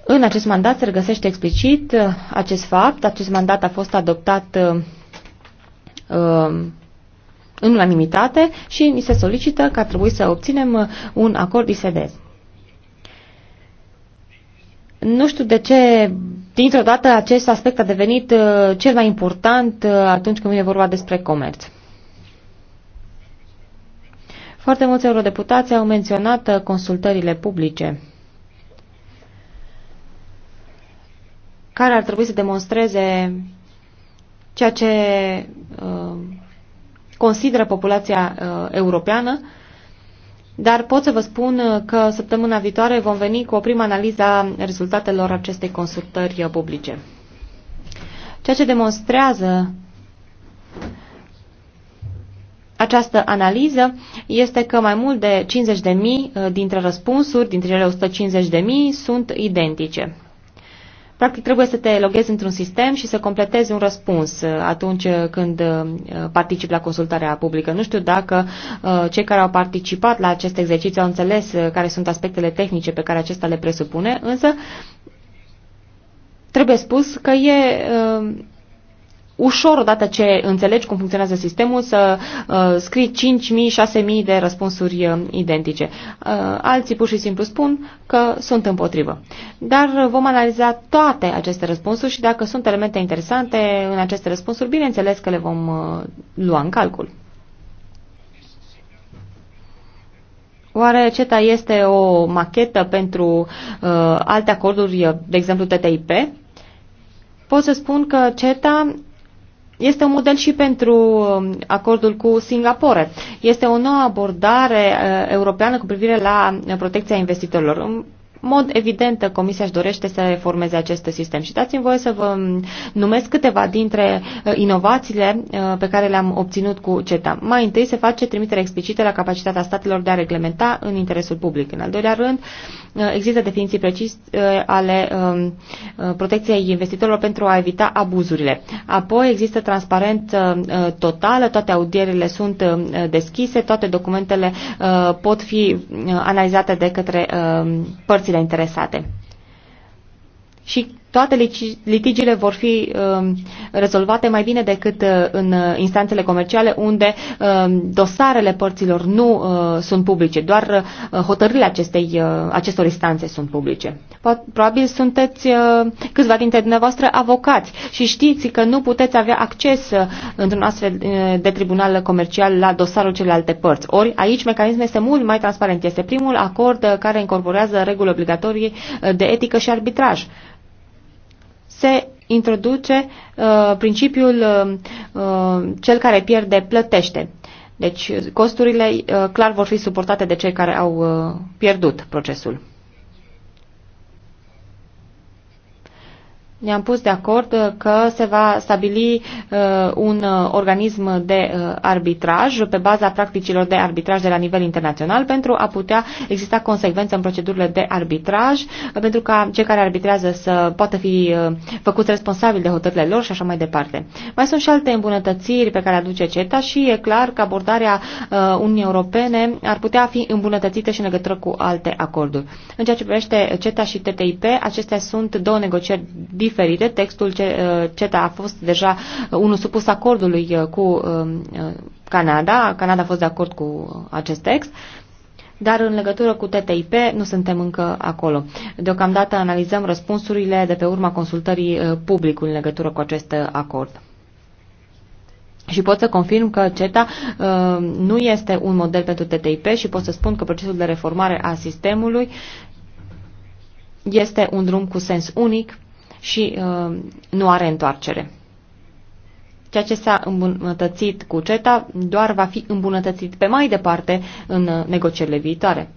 Speaker 5: În acest mandat se regăsește explicit acest fapt. Acest mandat a fost adoptat uh, în unanimitate și ni se solicită că ar trebui să obținem uh, un acord ISDS. Nu știu de ce, dintr-o dată, acest aspect a devenit uh, cel mai important uh, atunci când vine vorba despre comerț. Foarte mulți eurodeputați au menționat consultările publice care ar trebui să demonstreze ceea ce uh, consideră populația uh, europeană, dar pot să vă spun uh, că săptămâna viitoare vom veni cu o primă analiză a rezultatelor acestei consultări uh, publice. Ceea ce demonstrează această analiză este că mai mult de 50.000 dintre răspunsuri, dintre cele 150.000, sunt identice. Practic trebuie să te loghezi într-un sistem și să completezi un răspuns uh, atunci uh, când uh, participi la consultarea publică. Nu știu dacă cei care au participat la acest exercițiu au înțeles care sunt aspectele tehnice pe care acesta le presupune, însă trebuie spus că e ușor, odată ce înțelegi cum funcționează sistemul, să uh, scrii 5.000-6.000 de răspunsuri uh, identice. Uh, alții pur și simplu spun că sunt împotrivă. Dar vom analiza toate aceste răspunsuri și dacă sunt elemente interesante în aceste răspunsuri, bineînțeles că le vom uh, lua în calcul. Oare CETA este o machetă pentru uh, alte acorduri, de exemplu TTIP? Pot să spun că CETA este un model și pentru um, acordul cu Singapore. Este o nouă abordare uh, europeană cu privire la uh, protecția investitorilor. În mod evident, Comisia își dorește să reformeze acest sistem și dați-mi voie să vă um, numesc câteva dintre uh, inovațiile pe care le-am obținut cu CETA. Mai întâi se face trimitere explicită la capacitatea statelor de a reglementa în interesul public. În al doilea rând, Uh, există definiții precise uh, ale um, uh, protecției investitorilor pentru a evita abuzurile. Apoi există transparență totală, toate audierile sunt deschise, toate documentele pot fi analizate de către părțile interesate. Și toate litigiile vor fi um, rezolvate mai bine decât uh, în uh, instanțele comerciale unde um, dosarele părților nu uh, sunt publice, doar hotărârile acestei, acestor instanțe sunt publice. Probabil sunteți câțiva dintre dumneavoastră avocați și știți că nu puteți avea acces într-un astfel de tribunal comercial la dosarul celelalte părți. Ori aici mecanismul este mult mai transparent. Este primul acord care incorporează reguli obligatorii de etică și arbitraj se introduce uh, principiul uh, uh, cel care pierde plătește. Deci costurile uh, clar vor fi suportate de cei care au uh, pierdut procesul. ne-am pus de acord uh, că se va stabili uh, un uh, organism de arbitraj pe baza practicilor de arbitraj de la nivel internațional pentru a putea exista consecvență în procedurile de arbitraj, pentru ca cei care arbitrează să poată fi făcuți responsabili de hotările lor și așa mai departe. Mai sunt și alte îmbunătățiri pe care aduce CETA și e clar că abordarea Uniunii Europene ar putea fi îmbunătățită și în legătură cu alte acorduri. În ceea ce privește CETA și TTIP, acestea sunt două negocieri diferite. Textul uh, CETA a fost deja unul supus acordului uh, cu um, uh, Canada. Canada a fost de acord cu acest text dar în legătură cu TTIP nu suntem încă acolo. Deocamdată analizăm răspunsurile de pe urma consultării publicului în legătură cu acest acord. Și pot să confirm că CETA uh, nu este un model pentru TTIP și pot să spun că procesul de reformare a sistemului este un drum cu sens unic și uh, nu are întoarcere. Ceea ce s-a îmbunătățit cu CETA doar va fi îmbunătățit pe mai departe în uh, negocierile viitoare.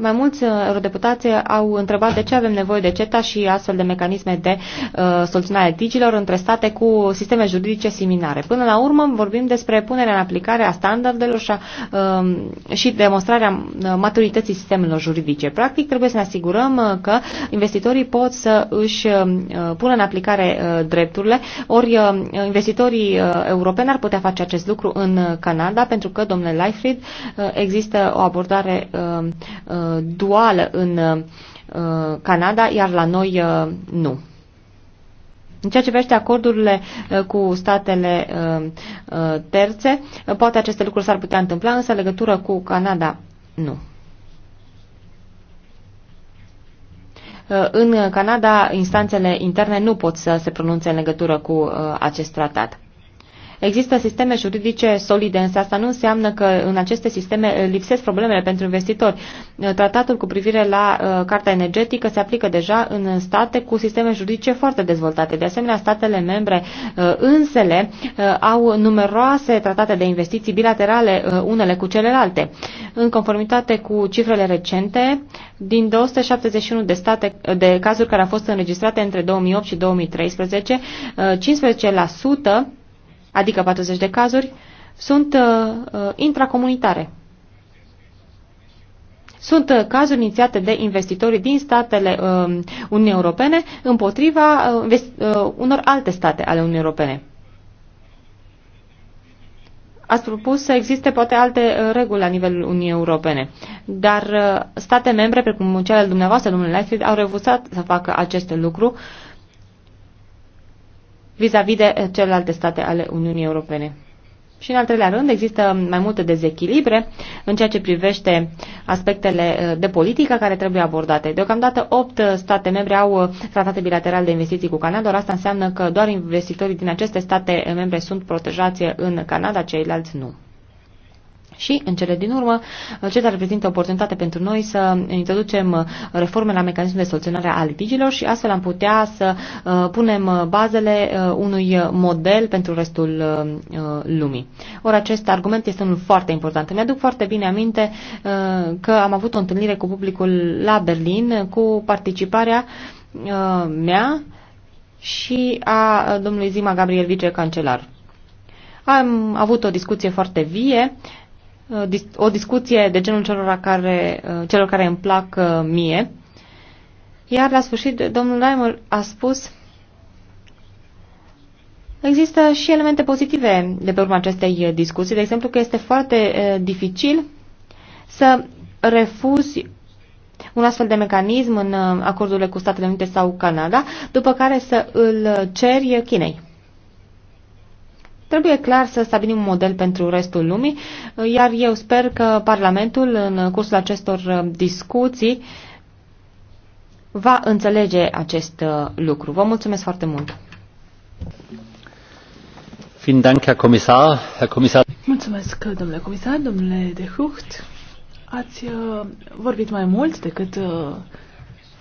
Speaker 5: Mai mulți uh, eurodeputați au întrebat de ce avem nevoie de CETA și astfel de mecanisme de uh, soluționare a litigilor între state cu sisteme juridice similare. Până la urmă vorbim despre punerea în aplicare a standardelor și, a, uh, și demonstrarea uh, maturității sistemelor juridice. Practic trebuie să ne asigurăm uh, că investitorii pot să își uh, pună în aplicare uh, drepturile, ori uh, investitorii uh, europeni ar putea face acest lucru în Canada, pentru că, domnule Leifried, uh, există o abordare uh, uh, duală în uh, Canada, iar la noi uh, nu. În ceea ce privește acordurile uh, cu statele terțe, poate aceste lucruri s-ar putea întâmpla, însă legătură cu Canada nu. În Canada, instanțele interne nu pot să se pronunțe în legătură cu acest tratat. Există sisteme juridice solide, însă asta nu înseamnă că în aceste sisteme uh, lipsesc problemele pentru investitori. Uh, tratatul cu privire la uh, Carta Energetică se aplică deja în state cu sisteme juridice foarte dezvoltate. De asemenea, statele membre însele au numeroase tratate de investiții bilaterale unele cu celelalte. În conformitate cu cifrele recente, din 271 de, state, de cazuri care au fost înregistrate între 2008 și 2013, 15% adică 40 de cazuri, sunt uh, uh, intracomunitare. Sunt uh, cazuri inițiate de investitorii din statele uh, Uniunii Europene împotriva uh, uh, unor alte state ale Uniunii Europene. Ați propus să existe poate alte uh, reguli la nivelul Uniunii Europene, dar uh, state membre, precum cele dumneavoastră, domnule Lightfield, au refuzat să facă acest lucru uh, vis-a-vis de celelalte state ale Uniunii Europene. Și în al treilea rând, există mai multe dezechilibre în ceea ce privește aspectele eh, de politică care trebuie abordate. Deocamdată, opt state membre au eh, tratate bilaterale de investiții cu Canada, dar asta înseamnă că doar investitorii din aceste state membre sunt protejați eh, în Canada, ceilalți nu. Și, în cele din urmă, CETA reprezintă oportunitate pentru noi să introducem reforme la mecanismul de soluționare a litigilor și astfel am putea să uh, punem bazele uh, unui model pentru restul uh, lumii. Ori acest argument este unul foarte important. Mi-aduc foarte bine aminte că am avut o întâlnire cu publicul la Berlin cu participarea mea și a domnului Zima Gabriel, vicecancelar. Am avut o discuție foarte vie Uh, o discuție de genul celor care, uh, celor care îmi plac uh, mie. Iar la sfârșit, domnul Reimer a spus Există și elemente pozitive de pe urma acestei discuții, de exemplu că este foarte dificil să refuzi un astfel de mecanism în acordurile cu Statele Unite sau Canada, după care să îl ceri Chinei. Trebuie clar să stabilim un model pentru restul lumii, iar eu sper că Parlamentul, în cursul acestor uh, discuții, va înțelege acest uh, lucru. Vă mulțumesc foarte mult! Mulțumesc, domnule comisar, domnule
Speaker 6: de Hucht. Ați uh, vorbit mai mult decât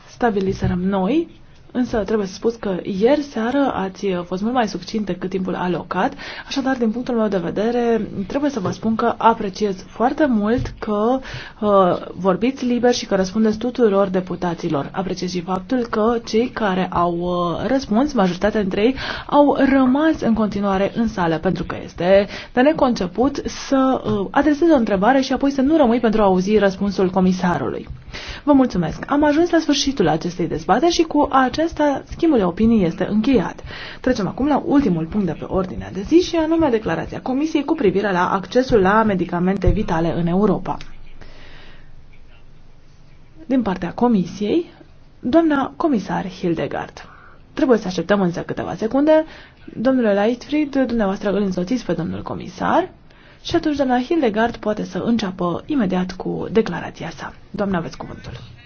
Speaker 6: stabiliserăm noi. Însă trebuie să spus că ieri seară ați fost mult mai succint decât timpul alocat, așadar, din punctul meu de vedere, trebuie să vă spun că apreciez foarte mult că uh, vorbiți liber și că răspundeți tuturor deputaților. Apreciez și faptul că cei care au uh, răspuns, majoritatea dintre ei, au rămas în continuare în sală, pentru că este de neconceput să uh, adresezi o întrebare și apoi să nu rămâi pentru a auzi răspunsul comisarului. Vă mulțumesc! Am ajuns la sfârșitul acestei dezbateri și cu acest acesta, schimbul de opinii este încheiat. Trecem acum la ultimul punct de pe ordinea de zi și anume declarația Comisiei cu privire la accesul la medicamente vitale în Europa. Din partea Comisiei, doamna comisar Hildegard. Trebuie să așteptăm însă câteva secunde. Domnule Leitfried, dumneavoastră îl însoțiți pe domnul comisar și atunci doamna Hildegard poate să înceapă imediat cu declarația sa. Doamna, aveți cuvântul.